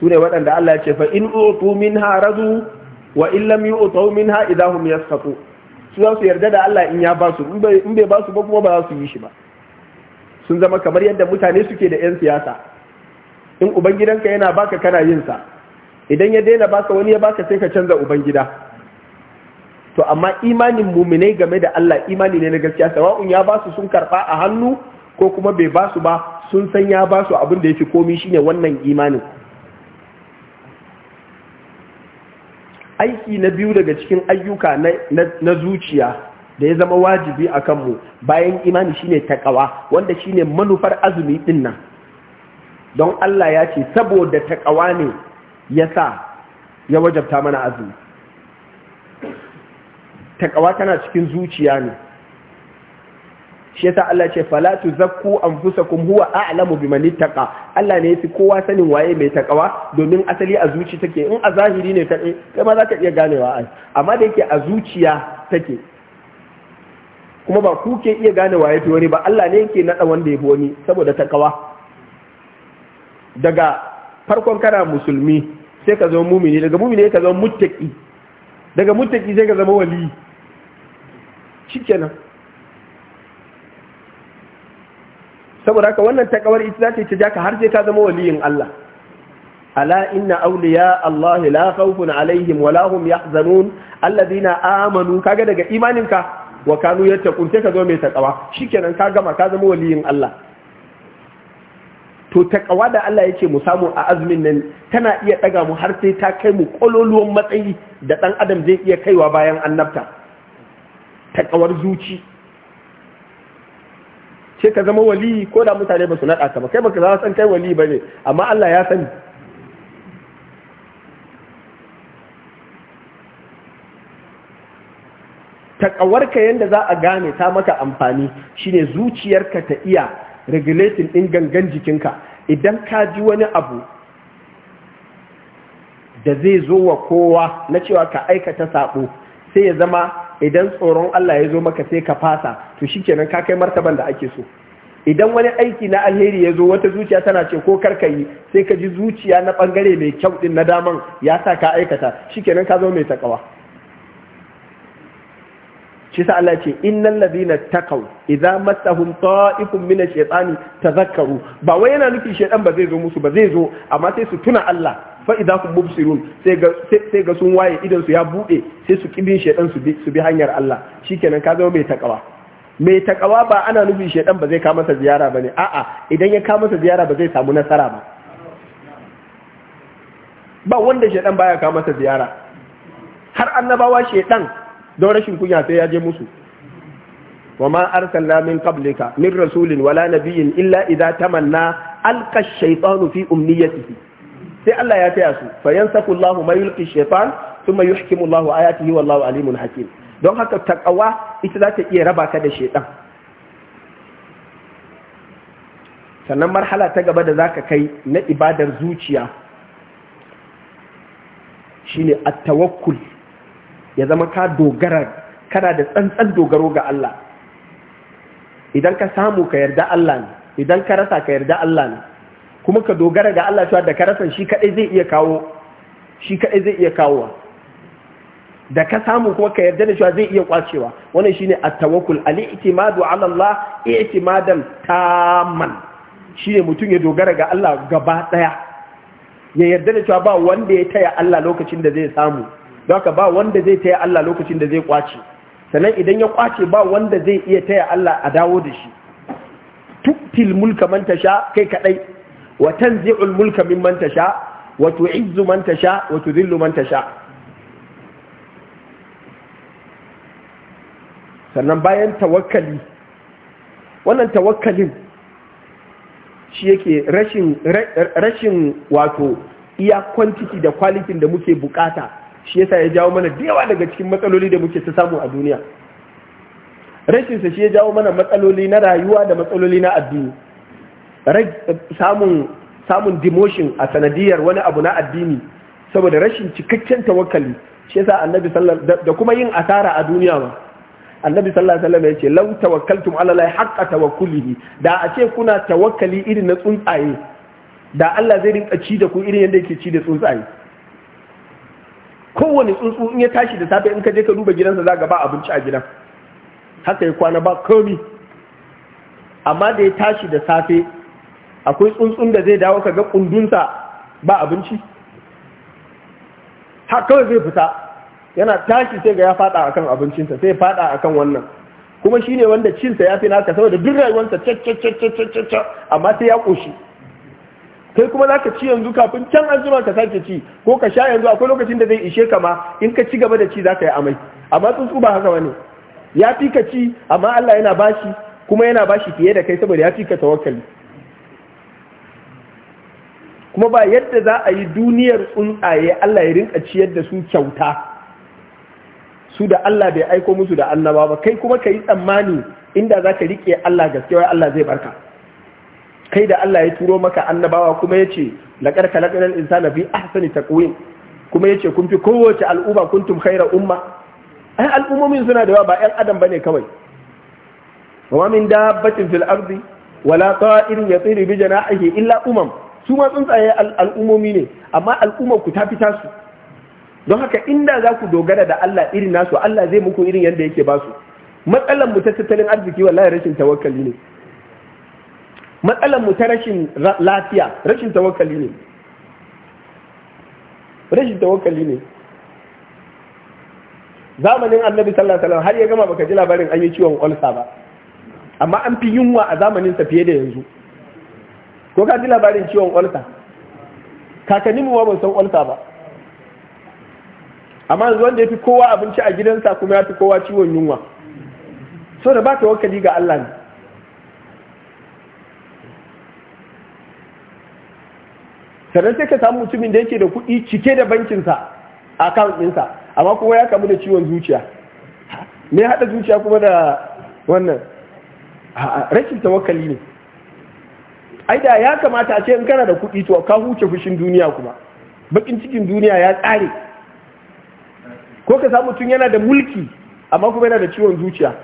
su ne waɗanda Allah ya ce fa in utu ha razu wa in lam yu'tu ha idahum yasqatu su za su yarda da Allah in ya ba su in bai ba su ba kuma ba za su yi shi ba sun zama kamar yadda mutane suke da 'yan siyasa in ubangidanka yana baka kana yin sa idan ya daina baka wani ya baka sai ka canza ubangida to amma imanin mu muminai game da Allah imani ne na gaskiya sawa'un ya ba su sun karba a hannu ko kuma bai ba su ba sun san ya ba su abin da yake komi shine wannan imanin aiki na biyu daga cikin ayyuka na zuciya da ya zama wajibi a kanmu bayan imani shine takawa wanda shine manufar azumi din nan don Allah ya ce saboda takawa ne yasa ya wajabta mana azumi takawa tana cikin zuciya ne shi yasa Allah ce fala tuzakku anfusakum huwa a'lamu biman ittaqa Allah ne yafi kowa sanin waye mai takawa domin asali a zuci take in a zahiri ne kai eh, kai ma zaka iya ganewa ai amma da yake a zuciya take kuma ba ku ke iya gane waye fi wani ba Allah ne yake nada wanda yafi wani saboda takawa daga farkon kana musulmi sai ka zama mumini daga mumini ka zama mutaki, daga mutaki sai ka zama wali shikenan saboda haka wannan takawar ita za ta ta jaka har sai ka zama waliyin Allah ala inna awliya Allah la khawfun alaihim wa lahum yahzanun alladhina amanu kaga daga imaninka wa kanu yattaqun sai ka zo mai takawa shikenan ka gama ka zama waliyin Allah to takawa da Allah yake mu samu a azumin nan tana iya daga mu har sai ta kai mu kololuwan matsayi da dan adam zai iya kaiwa bayan annabta takawar zuci ce ka zama wali ko da mutane ba su naɗa ka ba kai ka za san kai wali ba ne amma Allah ya sani takawarka yadda za a gane ta maka amfani shine zuciyarka ta iya regulating ɗin gangan jikinka idan ka ji wani abu da zai zo wa kowa na cewa ka aikata saɓo sai ya zama idan tsoron Allah ya zo maka sai ka fasa to shikenan ka kai martaban da ake so idan wani aiki na alheri ya zo wata zuciya tana ce ko karka yi sai ka ji zuciya na bangare mai kyau din na daman ya sa ka aikata shikenan ka zo mai takawa shi sa Allah ce innal ladina taqaw idza massahum ta'ifun min ash-shaytani tadhakkaru ba wai yana nufin shedan ba zai zo musu ba zai zo amma sai su tuna Allah fa idza kum mubsirun sai ga sun waye idan su ya bude sai su kibin shedan su bi su bi hanyar Allah shikenan ka zama mai takawa mai takawa ba ana nufi shedan ba zai ka masa ziyara bane a'a idan ya ka masa ziyara ba zai samu nasara ba ba wanda shedan baya ka masa ziyara har annabawa shedan don rashin kunya sai ya je musu وما min من قبلك من رسول ولا نبي إلا إذا تمنى ألقى الشيطان في أمنيته sai Allah ya taya su fa yansaku Allahu ma yulqi shaytan thumma yuhkimu Allahu ayatihi wallahu alimun hakim don haka takawa ita za ta iya raba ka da shaytan sannan marhala ta gaba da zaka kai na ibadar zuciya shine at-tawakkul ya zama ka dogara kana da tsantsan dogaro ga Allah idan ka samu ka yarda Allah ne idan ka rasa ka yarda Allah ne kuma ka dogara ga Allah cewa da ka rasa shi kadai zai iya kawo shi kadai zai iya kawowa da ka samu kuma ka yarda da cewa zai iya kwacewa wannan shine at-tawakkul al-i'timadu 'ala Allah i'timadan tamman shine mutum ya dogara ga Allah gaba daya ya yarda da cewa ba wanda ya taya Allah lokacin da zai samu haka ba wanda zai taya Allah lokacin da zai kwace sannan idan ya kwace ba wanda zai iya taya Allah a dawo da shi tuktil mulka man tasha kai kadai wa tanzi'ul mulka mimman tasha wa tu'izzu man tasha wa tudhillu man tasha sannan bayan tawakkali wannan tawakkalin shi yake rashin rashin wato iya quantity da quality da muke bukata shi yasa ya jawo mana da yawa daga cikin matsaloli da muke ta samu a duniya rashinsa shi ya jawo mana matsaloli na rayuwa da matsaloli na addini samun samun demotion a sanadiyar wani abu na addini saboda rashin cikakken tawakkali shi yasa annabi sallallahu da kuma yin asara a duniya ma annabi sallallahu alaihi wasallam yace law tawakkaltum ala la haqqa tawakkulihi da a ce kuna tawakkali irin na tsuntsaye da Allah zai rinka ci da ku irin yadda yake ci da tsuntsaye kowane tsuntsu in ya tashi da safe in ka je ka duba gidansa za ba abinci a gidan haka ya kwana ba komi amma da ya tashi da safe akwai tsuntsun da zai dawo kaga kundunsa ba abinci har kawai zai fita yana tashi sai ga ya fada akan abincinsa sai fada akan wannan kuma shine wanda cinsa ya fi naka saboda duk rayuwarsa kai kuma zaka ci yanzu kafin can an ka sake ci ko ka sha yanzu akwai lokacin da zai ishe in ka ci gaba da ci zaka yi amai amma tsuntsu ba haka ya fi ka ci amma Allah yana bashi kuma yana bashi fiye da kai saboda ya fi kuma ba yadda za a yi duniyar tsuntsaye Allah ya rinka ciyar da su kyauta su da Allah bai aiko musu da annaba ba kai kuma ka yi tsammani inda za ka riƙe Allah wai Allah zai barka kai da Allah ya turo maka annabawa kuma ya ce laƙar kalaƙar insana fi ahsani taqwim kuma ya ce kun fi kowace al'umma kuntum khaira umma ai al'ummomin suna da yawa ba 'yan adam bane kawai wa min dabbatin fil ardi wala ta'irin yatiru bi janahihi illa umam su ma tsuntsaye al'ummomi ne amma al'ummar ku ta fi tasu don haka inda za ku dogara da Allah irin nasu Allah zai muku irin yadda yake ba su matsalar mu ta tattalin arziki wallahi rashin tawakkali ne matsalar mu ta rashin lafiya rashin tawakkali ne rashin tawakkali ne zamanin annabi sallallahu alaihi wasallam har ya gama baka ji labarin an yi ciwon olsa ba amma an fi yunwa a zamanin sa fiye da yanzu ko ka ji labarin ciwon olsa kakanni mu ban san olsa ba amma yanzu wanda ya fi kowa abinci a gidansa kuma ya fi kowa ciwon yunwa so da ba wakali ga Allah ne sannan sai ka samu mutumin da yake da kuɗi cike da bankinsa a account ɗinsa amma kuma ya kamu da ciwon zuciya me haɗa zuciya kuma da wannan rashin tawakkali ne ai da ya kamata a ce in kana da kuɗi to ka huce fushin duniya kuma bakin cikin duniya ya tsare ko ka samu tun yana da mulki amma kuma yana da ciwon zuciya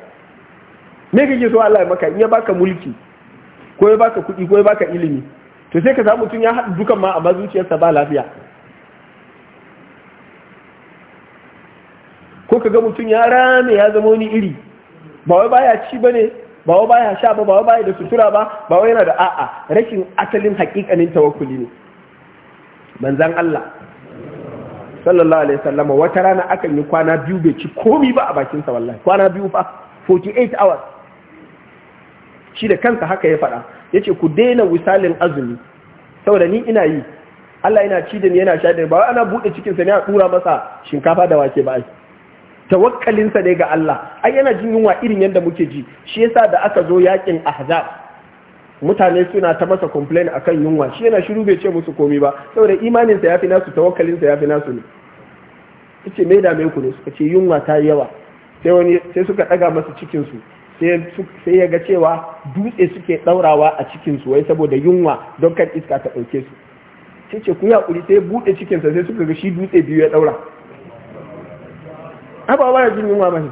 me kake so Allah ya maka in ya baka mulki ko ya baka kuɗi ko ya baka ilimi to sai ka samu tun ya haɗu dukan ma amma zuciyarsa ba lafiya ko ka ga mutum ya rame ya zama wani iri ba wai baya ci bane ba wa baya sha ba ba wa baya da sutura ba ba wa yana da a'a rashin asalin hakikanin tawakkuli ne manzan Allah sallallahu alaihi wasallam wata rana akan yi kwana biyu bai ci komi ba a bakin sa wallahi kwana biyu fa 48 hours shi da kansa haka ya faɗa yace ku daina wisalin azumi saboda ni ina yi Allah yana ci da ni yana sha da ba ana bude cikin sa ne a dura masa shinkafa da wake ba ai tawakkalinsa ne ga Allah ai yana jin yunwa irin yadda muke ji shi yasa da aka zo yakin ahzab mutane suna ta masa complain akan yunwa shi yana shiru bai ce musu komi ba saboda imanin sa yafi nasu tawakkalinsa yafi nasu ne kace me da me ku ne suka ce yunwa ta yawa sai wani sai suka daga masa cikin su sai ya ga cewa dutse suke daurawa a cikinsu wai saboda yunwa don kan iska ta ɗauke su sai ce ku kuri sai buɗe cikinsa sai suka ga shi dutse biyu ya daura. haba ba jin yunwa bane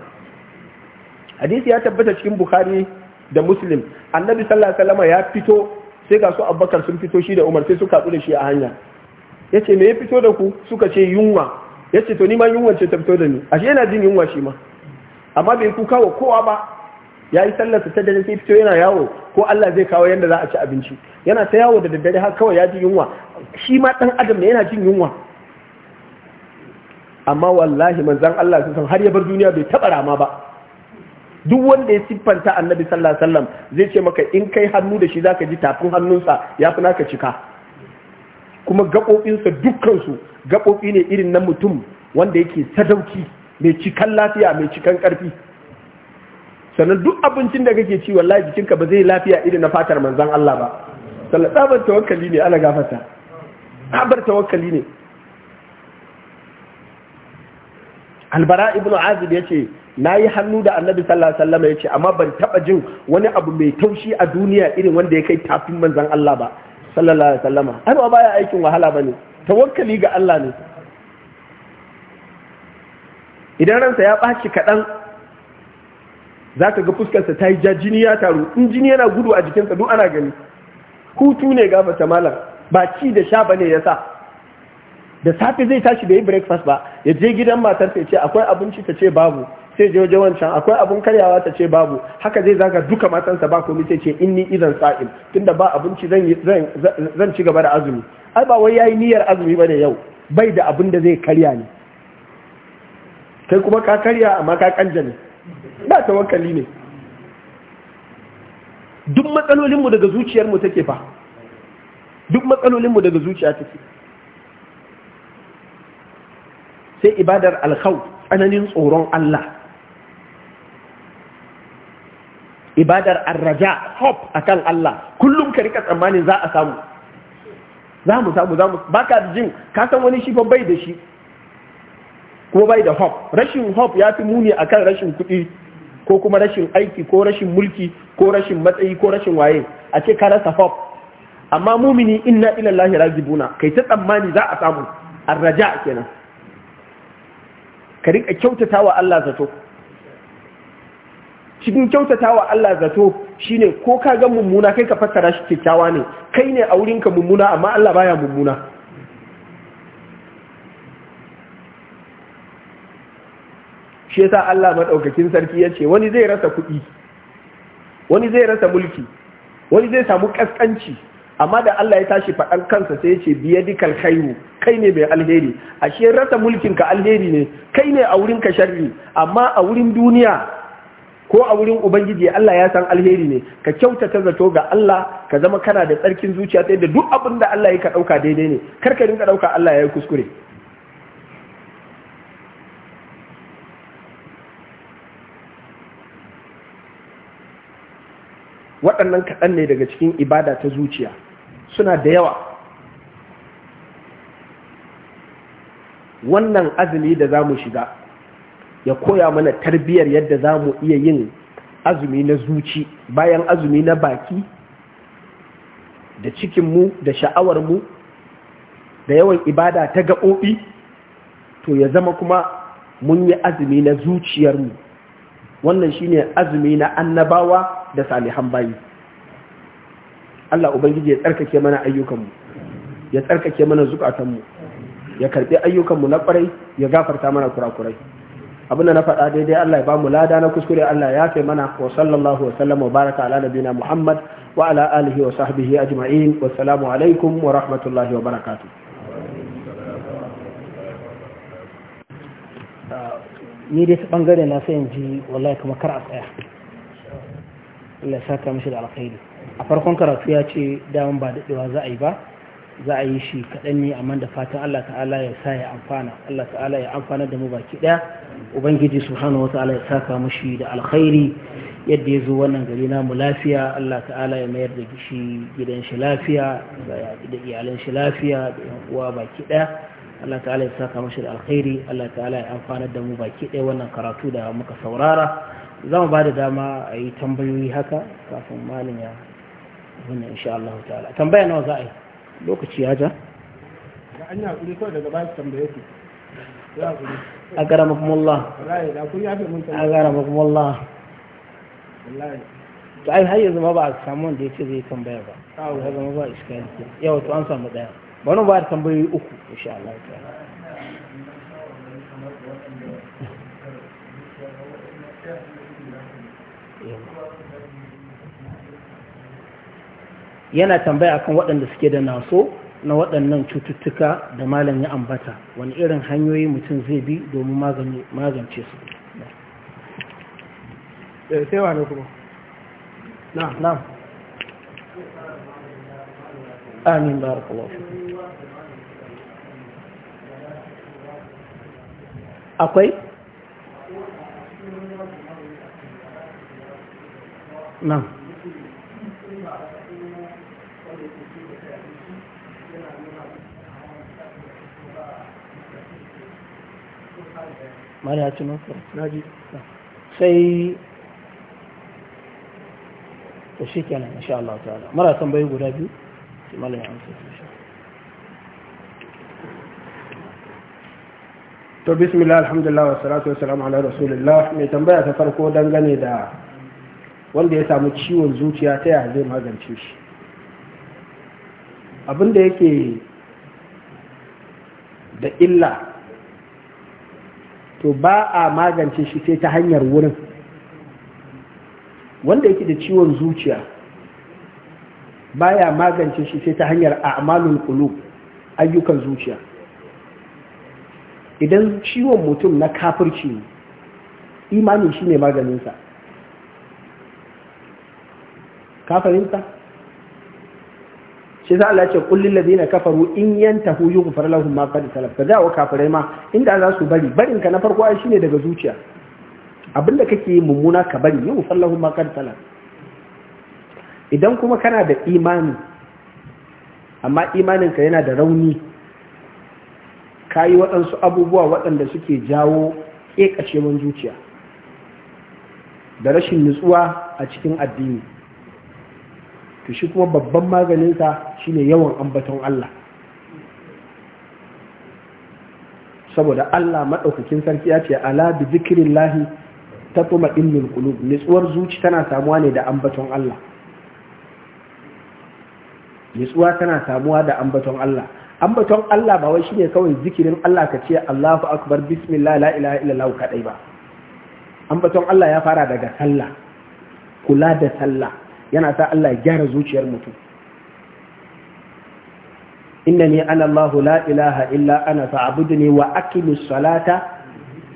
hadisi ya tabbata cikin bukhari da muslim annabi sallallahu alaihi wasallam ya fito sai ga su abubakar sun fito shi da umar sai suka da shi a hanya yace me ya fito da ku suka ce yunwa yace to ni ma yunwa ce ta fito da ni ashe yana jin yunwa shi ma amma bai kuka wa kowa ba ya yi sallarsa ta dare sai fito yana yawo ko Allah zai kawo yanda za a ci abinci yana ta yawo da daddare har kawai ya ji yunwa shi ma dan adam ne yana jin yunwa amma wallahi manzan Allah sun san har ya bar duniya bai taɓa rama ba duk wanda ya siffanta annabi sallallahu alaihi wasallam zai ce maka in kai hannu da shi zaka ji tafin hannunsa ya fi naka cika kuma gaɓoɓinsa dukkansu gaɓoɓi ne irin na mutum wanda yake sadauki mai cikan lafiya mai cikan ƙarfi sannan duk abincin da kake ci wallahi jikinka ba zai lafiya irin na fatar manzan Allah ba sallallahu alaihi wasallam tawakkali ne ana gafarta habar tawakkali ne albara ibnu azib yace yi hannu da annabi sallallahu alaihi wasallam yace amma ban taba jin wani abu mai taushi a duniya irin wanda ya kai tafin manzan Allah ba sallallahu alaihi wasallam ai ba baya aikin wahala bane tawakkali ga Allah ne idan ransa ya baci kaɗan zaka ga fuskarsa ta yi ja jini ya taru in jini yana gudu a jikinsa duk ana gani hutu ne gafata malam ba ci da sha ba ne ya sa da safe zai tashi bai yi breakfast ba ya je gidan matar ta ce akwai abinci ta ce babu sai je waje wancan akwai abin karyawa ta ce babu haka zai zaga duka matansa ba komai sai ce inni idan sa'il tunda ba abinci zan zan ci gaba da azumi ai ba wai yayi niyyar azumi bane yau bai da abin da zai karya ne kai kuma ka karya amma ka kanja ne ba tawakkali ne duk matsalolinmu daga zuciyarmu take fa duk matsalolinmu daga zuciya take sai ibadar alkhaw tsananin tsoron Allah ibadar arraja hope akan Allah kullum ka rika tsammani za a samu za mu samu za mu baka jin ka san wani shi fa bai da shi ko bai da hope rashin hope ya fi muni akan rashin kuɗi ko kuma rashin aiki ko rashin mulki ko rashin matsayi ko rashin waye a ce ka rasa hope amma mumini inna ilallahi rajibuna kai ta tsammani za a samu arraja kenan ka rika kyautata wa Allah zato cikin kyautata wa Allah zato shine ko ka ga mummuna kai ka fassara shi kyakkyawa ne kai ne a wurinka mummuna amma Allah baya mummuna shi yasa Allah madaukakin sarki ya ce wani zai rasa kuɗi wani zai rasa mulki wani zai samu ƙasƙanci? amma da Allah ya tashi faɗan kansa sai ya ce biya dikal khairu kai ne mai alheri ashe rasa mulkin ka alheri ne kai ne a wurin ka sharri amma a wurin duniya ko a wurin ubangiji Allah ya san alheri ne ka kyautata zato ga Allah ka zama kana da tsarkin zuciya sai da duk abin da Allah ya ka ɗauka daidai ne kar ka rinka ɗauka Allah ya yi kuskure waɗannan kaɗan ne daga cikin ibada ta zuciya suna da yawa wannan azumi da za mu shiga ya koya mana tarbiyyar yadda za mu iya yin azumi na zuci bayan azumi na baki da cikinmu da sha'awarmu da yawan ibada ta gaɓoɓi to ya zama kuma mun yi azumi na zuciyarmu wannan shine azumi na annabawa da salihan bayi Allah ubangiji ya tsarkake mana ayyukanmu ya tsarkake mana zukatanmu ya karɓi ayyukanmu na kwarai ya gafarta mana kurakurai abin da na faɗa daidai Allah ya bamu lada na kuskure Allah ya fi mana wa sallallahu wa sallam wa baraka ala nabina Muhammad wa ala alihi wa sahbihi ajma'in wa salamu alaikum wa rahmatullahi wa barakatu. ni dai ta bangare na sai in ji wallahi kuma kar a tsaya Allah ya saka mishi da alkhairi a farkon karatu ya ce daman ba daɗewa za a yi ba za a yi shi kaɗan ne amma da fatan Allah ta'ala ya sa ya amfana Allah ta'ala ya amfana da mu baki ɗaya ubangiji subhanahu ta'ala ya saka mushi da alkhairi yadda ya zo wannan gari namu lafiya Allah ta'ala ya mayar da shi gidan shi lafiya da iyalan shi lafiya da yan uwa baki ɗaya Allah ta'ala ya saka mushi da alkhairi Allah ta'ala ya amfana da mu baki ɗaya wannan karatu da muka saurara za mu ba da dama a yi tambayoyi haka kafin malin ya wannan insha Allah ta'ala tambaya nawa za a yi lokaci ya ja daga bayan tambaye a gara makamallah a gara makamallah to ai har yanzu ma ba a samu wanda ya ce zai tambaya ba ya zama ba iska yanzu yawa to an samu daya bari ba tambayoyi uku insha Allah ta'ala Yeah. yana tambaya kan waɗanda suke da naso na waɗannan cututtuka da malam ya ambata wani irin hanyoyi mutum zai bi domin magance su eh, mana ya ci manka na ji sai ta shi kenan insha Allah ta'ala mara tambayi guda biyu sai mala ya amsa su shi to bismillah alhamdulillah wa salatu wa salam ala rasulillah mai tambaya ta farko dangane da wanda ya samu ciwon zuciya ta yaya zai magance shi abinda yake da illa to ba a magance shi sai ta hanyar wurin wanda yake da ciwon zuciya baya magance shi sai ta hanyar amalun kulu ayyukan zuciya idan ciwon mutum na kafirci ne imani shine maganinsa kafirinsa shi za Allah ce kullil ladina kafaru in yantahu yughfar lahum ma qad salaf ka dawo kafirai ma inda za su bari barin ka na farko ai shine daga zuciya abinda kake mummuna ka bari yughfar lahum ma qad salaf idan kuma kana da imani amma imaninka yana da rauni kayi waɗansu abubuwa waɗanda suke jawo ƙeƙashewan zuciya da rashin nutsuwa a cikin addini to shi kuma babban maganinsa shine yawan ambaton Allah saboda Allah maɗaukakin sarki ya ce ala bi zikirin lahi ta tuma innin kulub nitsuwar zuci tana samuwa ne da ambaton Allah nitsuwa tana samuwa da ambaton Allah ambaton Allah ba wai shine kawai zikirin Allah ka ce Allahu akbar bismillah la ilaha illallah kadai ba ambaton Allah ya fara daga sallah kula da sallah yana sa Allah ya gyara zuciyar mutum innani ana Allah la ilaha illa ana fa'budni wa aqimis salata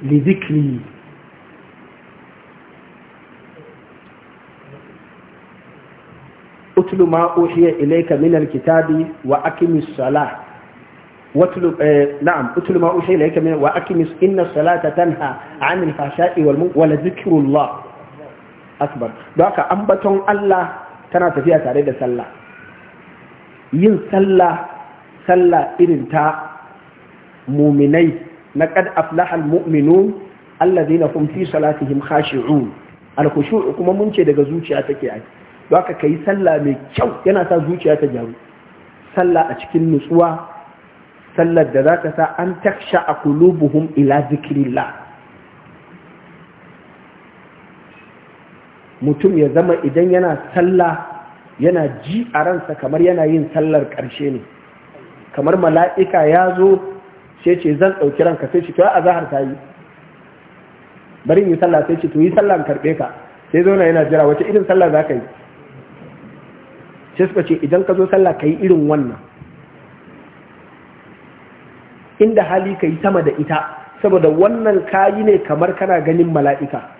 li dhikri utlu ma uhiya ilayka min alkitabi wa aqimis salah eh, Na'am آه نعم اتلو ما اوحي اليك من واقم ان الصلاه تنهى عن الفحشاء والمنكر ولذكر الله akbar don haka ambaton Allah tana tafiya tare da sallah yin sallah sallah irin ta muminai na qad aflahal mu'minun allazina hum fi salatihim khashi'un al-khushu' kuma mun ce daga zuciya take ai don haka kai sallah mai kyau yana sa zuciya ta jaru sallah a cikin nutsuwa sallar da za ta sa an taksha a ila zikirillah mutum ya zama idan yana sallah yana ji a ransa kamar yana yin sallar ƙarshe ne kamar mala'ika ya zo sai ce zan ɗauki ranka sai ce to a zahar ta yi bari yi sallah sai ce to yi sallah karɓe ka sai zo na yana jira wace irin sallah za ka yi sai suka ce idan ka zo sallah ka yi irin wannan inda hali ka yi sama da ita saboda wannan kayi ne kamar kana ganin mala'ika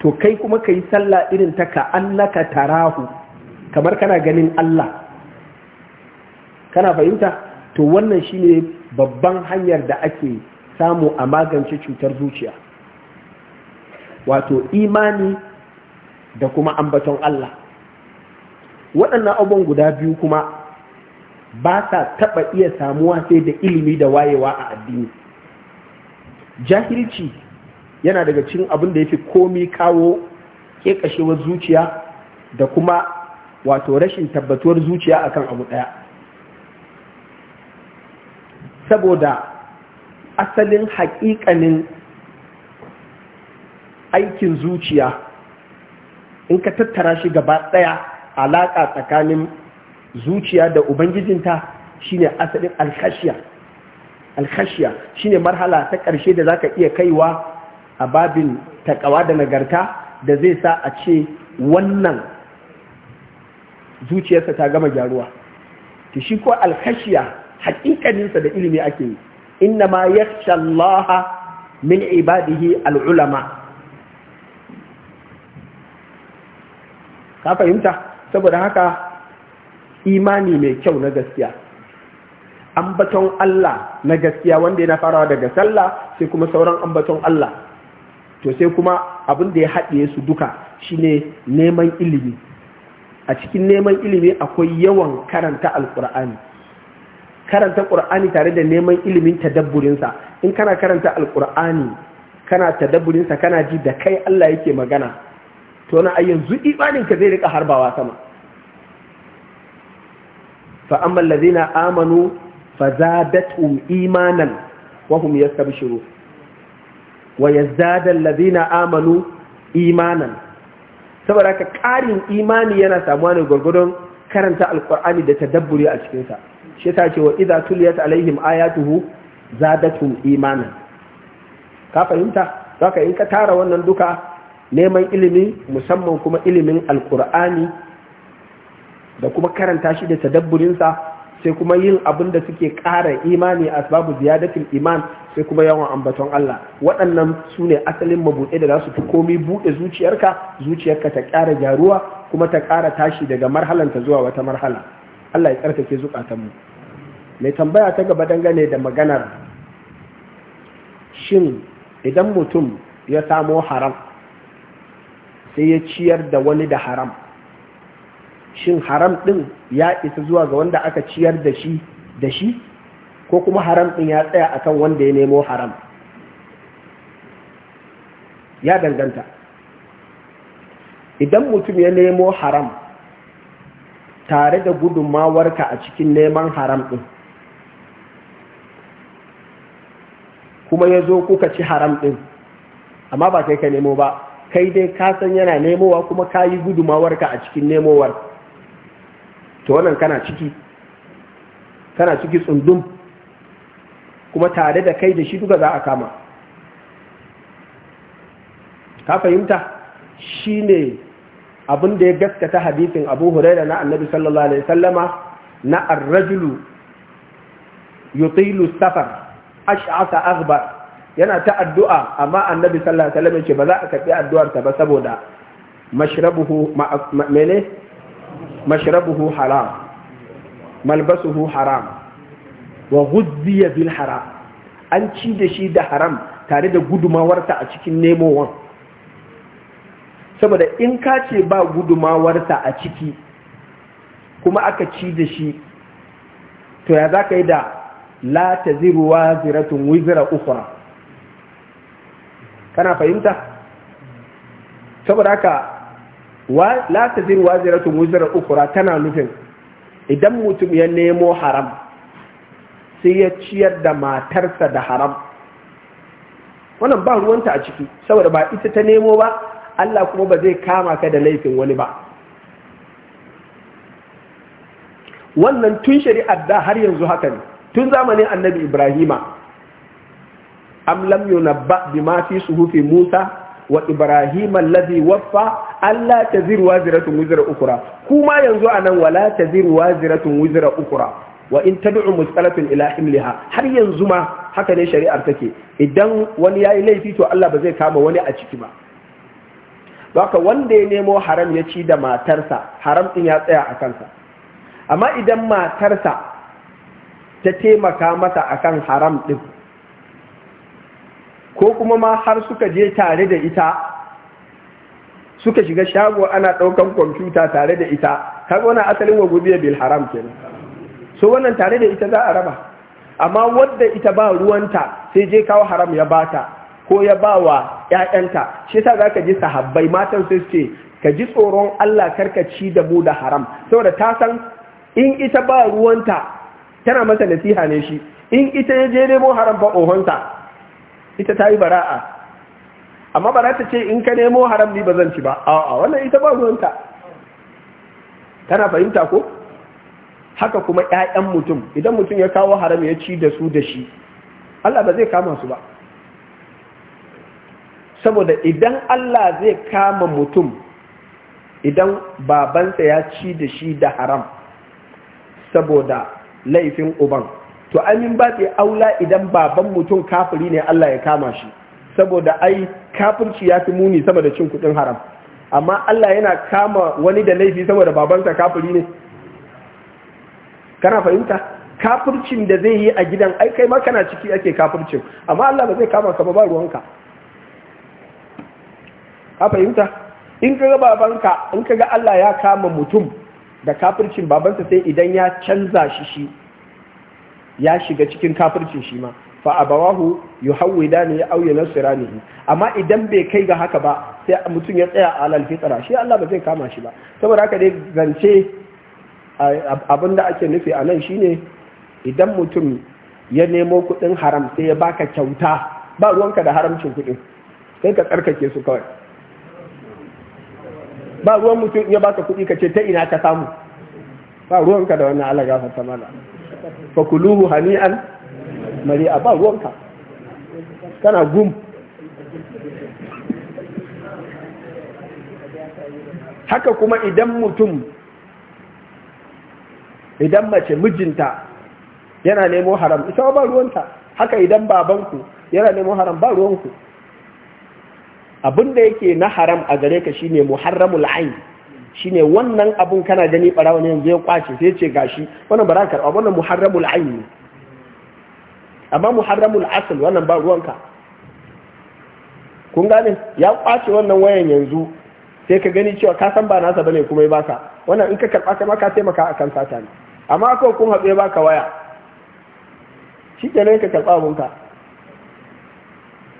to kai kuma ka yi sallah irin ta ka annaka tarahu kamar kana ganin Allah kana fahimta to wannan shine babban hanyar da ake samu a magance cutar zuciya wato imani da kuma ambaton Allah waɗannan abubuwan guda biyu kuma ba sa taɓa iya samuwa sai da ilimi da wayewa a addini jahilci yana daga cikin abin da ya fi komi kawo ƙeƙashewar zuciya da kuma wato rashin tabbatuwar zuciya akan abu ɗaya. saboda asalin haƙiƙanin aikin zuciya in ka tattara shi gaba ɗaya alaƙa tsakanin zuciya da ubangijinta shine asalin alkashiya alkashiya shine marhala ta ƙarshe da za ka iya kaiwa a babin takawa da nagarta da zai sa a ce wannan zuciyarsa ta gama gyaruwa ta shi ko alkashiya hakikaninsa da ilimi ake yi inna ma ya shallaha min ibadihi al'ulama ka fahimta saboda haka imani mai kyau na gaskiya ambaton Allah na gaskiya wanda yana farawa daga sallah sai kuma sauran ambaton Allah to sai kuma abin da ya haɗe su duka shine neman ilimi a cikin neman ilimi akwai yawan karanta alkur'ani karanta ƙur'ani tare da neman ilimin tadabburinsa in kana karanta alkur'ani kana tadabburinsa kana ji da kai Allah yake magana to na yanzu imaninka zai rika harbawa sama fa amma amanu amanu fazadatuhum imanan wahum hum wa yazdada alladhina amanu imanan saboda haka ƙarin imani yana samuwa ne gwargwadon karanta alqur'ani da tadabburi a cikinsa shi ta ce wa idza tuliyat alaihim ayatuhu zadatum imanan ka fahimta zaka in ka tara wannan duka neman ilimi musamman kuma ilimin alqur'ani da kuma karanta shi da tadabburin sa sai kuma yin abin da suke ƙara imani a sababu ziyadatul iman sai kuma yawan ambaton Allah waɗannan su ne asalin mabuɗe da za su fi komi buɗe zuciyarka zuciyarka ta ƙara gyaruwa kuma ta ƙara tashi daga ta zuwa wata marhala Allah ya tsarkake zukatanmu mai tambaya ta gaba dangane da maganar shin idan mutum ya samo haram sai ya ciyar da wani da haram shin haram ɗin ya isa zuwa ga wanda aka ciyar da shi da shi ko kuma haram ɗin ya tsaya akan wanda ya nemo haram ya danganta idan mutum ya nemo haram tare da gudunmawarka a cikin neman haram ɗin kuma ya zo kuka ci haram ɗin amma ba kai ka nemo ba kai dai ka san yana nemowa kuma ka yi gudumawarka a cikin nemowarka to wannan kana ciki kana ciki tsundum kuma tare da kai da shi duka za a kama ka fahimta shi ne abin da ya gaskata hadisin abu huraira na annabi sallallahu alaihi sallama na arrajulu yutilu safar ash'asa aghbar yana ta addu'a amma annabi sallallahu alaihi wasallam ce ba za a karbi addu'arsa ba saboda mashrabuhu mene مشربه haram malbasuhu haram wa بالحرام an ci da shi da haram tare da gudumawarta a cikin nemowan saboda in ka ce ba gudumawarta a ciki kuma aka ci da shi to ya za ka yi da la ta ziruwa ziratun wizira ukura kana fahimta saboda haka wa la tazir waziratu wizra ukra tana nufin idan mutum ya nemo haram sai ya ciyar da matarsa da haram wannan ba ruwanta a ciki saboda ba ita ta nemo ba Allah kuma ba zai kama ka da laifin wani ba wannan tun shari'ar da har yanzu haka ne tun zamanin annabi ibrahima am lam yunabba bima fi suhufi musa wa ibrahima alladhi waffa Allah ta ziru waziratun wizira ukura kuma yanzu a nan wala ta ziru waziratun wizira ukura wa in ta du'u musqalatun ila himliha har yanzu ma haka ne shari'ar take idan wani yayi laifi to Allah ba zai kama wani a ciki ba baka wanda ya nemo haram ya ci da matarsa haram ɗin ya tsaya a kansa amma idan matarsa ta taimaka masa akan haram ɗin, ko kuma ma har suka je tare da ita suka shiga shago ana ɗaukan kwamfuta tare da ita kaga wani asalin wagubiya bil haram kenan so wannan tare da ita za a raba amma wadda ita ba ruwanta sai je kawo haram ya bata ko ya ba wa ‘ya'yanta shi sa za ka ji sahabbai matan su ce ka ji tsoron Allah ci da mu da haram saboda ta san in ita ba ruwanta tana masa nasiha ne shi in ita ya je nemo haram ba ohonta ita ta yi bara'a amma ba ta ce in ka nemo haram ni ba zan ci ba a'a wannan ita ba ruwanta tana fahimta ko haka kuma ƴaƴan mutum idan mutum ya kawo haram ya ci da su da shi Allah ba zai kama su ba saboda idan Allah zai kama mutum idan babansa ya ci da shi da haram saboda laifin uban to amin ba aula idan baban mutum kafiri ne Allah ya kama shi saboda ai kafirci ya fi muni sama da cin kuɗin haram amma Allah yana kama wani da laifi saboda babansa kafiri ne kana fahimta kafircin da zai yi a gidan ai kai ma kana ciki ake kafircin amma Allah ba zai kama ka ba ba ruwanka ka fahimta in ka ga babanka in ka ga Allah ya kama mutum da kafircin babansa sai idan ya canza shi shi ya shiga cikin kafircin shi ma fa abawahu yuhawidani aw yunsiranihi amma idan bai kai ga haka ba sai mutum ya tsaya a alal fitara shi Allah ba zai kama shi ba saboda haka dai zance abin da ake nufi a nan shine idan mutum ya nemo kuɗin haram sai ya baka kyauta ba ruwanka da haramcin kuɗin sai ka tsarkake su kawai ba ruwan mutum ya baka kuɗi ka ce ta ina ka samu ba ruwanka da wannan alaga fa kuluhu hani'an a ba ruwanka kana gum haka kuma idan mutum idan mace mijinta yana nemo haram isa ba ruwanta haka idan babanku yana nemo haram ba ruwanku abinda yake na haram a gare ka shine muharramul ain shine wannan abun kana gani barawa ne yanzu ya kwace sai ce gashi wannan ba za ka karba wannan muharramul ain ne amma muharramul asal wannan ba ruwanka kun gane ya kwace wannan wayan yanzu sai ka gani cewa ka san ba nasa bane kuma ya baka wannan in ka karɓa kai ma ka taimaka akan sata ne amma ko kun haɗu ya baka waya shi kenan ka karba abunka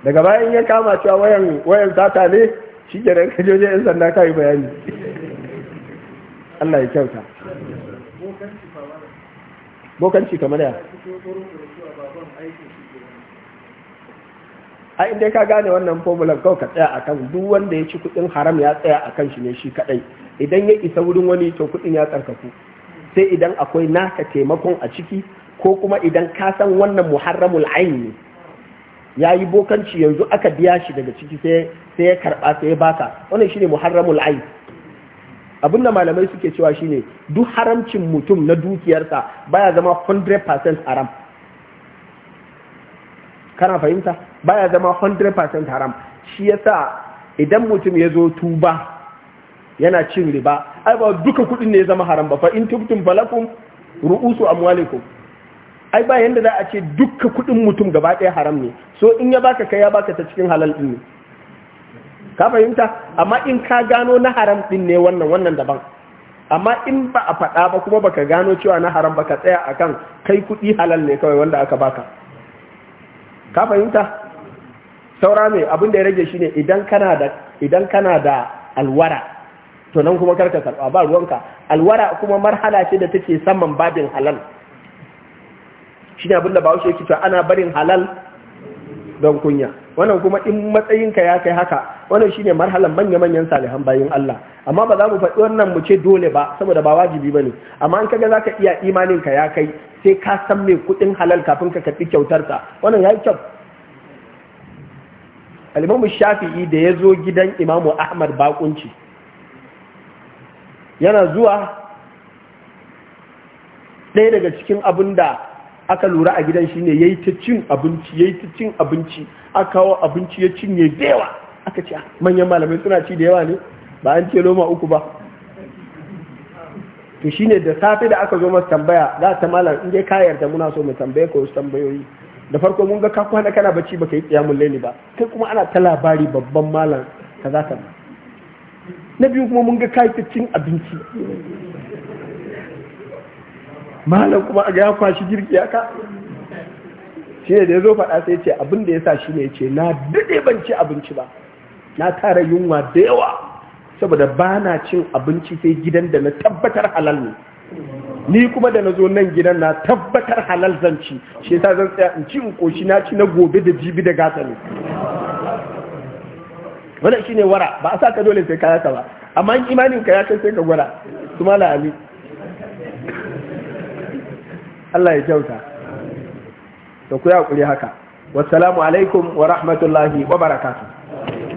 daga bayan ya kama cewa wayan wayan sata ne shi kenan ka je yan sanda ka yi bayani Allah ya kyauta bokanci kamar ya a inda ka gane wannan formulan kawai ka tsaya akan duk wanda ya ci kudin haram ya tsaya akan shi ne shi kadai. idan ya isa wurin wani to kudin ya tsarkaku sai idan akwai naka taimakon a ciki ko kuma idan ka san wannan muharramul aini ya yi bokanci yanzu aka biya shi daga ciki sai ya karba sai ya baka wannan shine muharramul aini abin da malamai suke cewa shine duk haramcin mutum na dukiyarsa baya zama 100% haram kana fahimta baya zama 100% haram shi yasa idan mutum ya zo tuba yana cin riba ai ba duka kudin ne ya zama haram ba fa in tubtum falakum ru'usu amwalikum ai ba yanda za a ce duka kudin mutum gaba ɗaya haram ne so in ya baka kai ya baka ta cikin halal din ne ka fahimta amma in ka gano na haram din ne wannan wannan daban amma in ba a faɗa ba kuma baka gano cewa na haram ba ka tsaya akan kai kuɗi halal ne kawai wanda aka baka ka fahimta saura mai abin da ya rage shi ne. idan kana da alwara to nan kuma karka karba ba ruwanka alwara kuma marhala ce da take saman babin halal shine abin da bawo yake cewa ana barin halal don kunya wannan kuma in matsayinka ya kai haka wannan shine marhalan manya-manyan salihan bayin Allah amma ba za mu faɗi wannan mu ce dole ba saboda ba wajibi bane amma in kaga zaka iya imanin ka ya kai sai ka san me kuɗin halal kafin ka karɓi kyautar ka wannan yayi kyau al Shafi'i da ya zo gidan Imam Ahmad Bakunci yana zuwa ɗaya daga cikin abin da aka lura a gidan shine yayi ta cin abinci yayi ta cin abinci aka kawo abinci ya cinye dewa aka ce ah, manyan malamai suna ci da yawa ne ba an ce loma uku ba to shine da safe da aka zo masa tambaya za ta malam in dai ka yarda muna so mu tambaye ka wasu tambayoyi da farko mun ga ka kwana kana bacci baka yi kiyamun laili ba kai kuma ana ta labari babban malam za ka na biyu kuma mun ga cin abinci malam kuma a ga ya kwashi girki aka shi ne da ya zo faɗa sai ce abin da ya sa shi ne ce na daɗe ban ci abinci ba na tara yunwa da yawa saboda ba na cin abinci sai gidan da na tabbatar halal ne ni kuma da na zo nan gidan na tabbatar halal zan ci shi ta zan tsaya in ci in koshi na ci na gobe da jibi da gasa ne shi ne wara ba a sa ka dole sai kayata ba amma in imanin ka ya kai sai ka gwada su mala ali Allah ya kyauta da ku ya hakuri haka wassalamu alaikum wa rahmatullahi wa barakatuh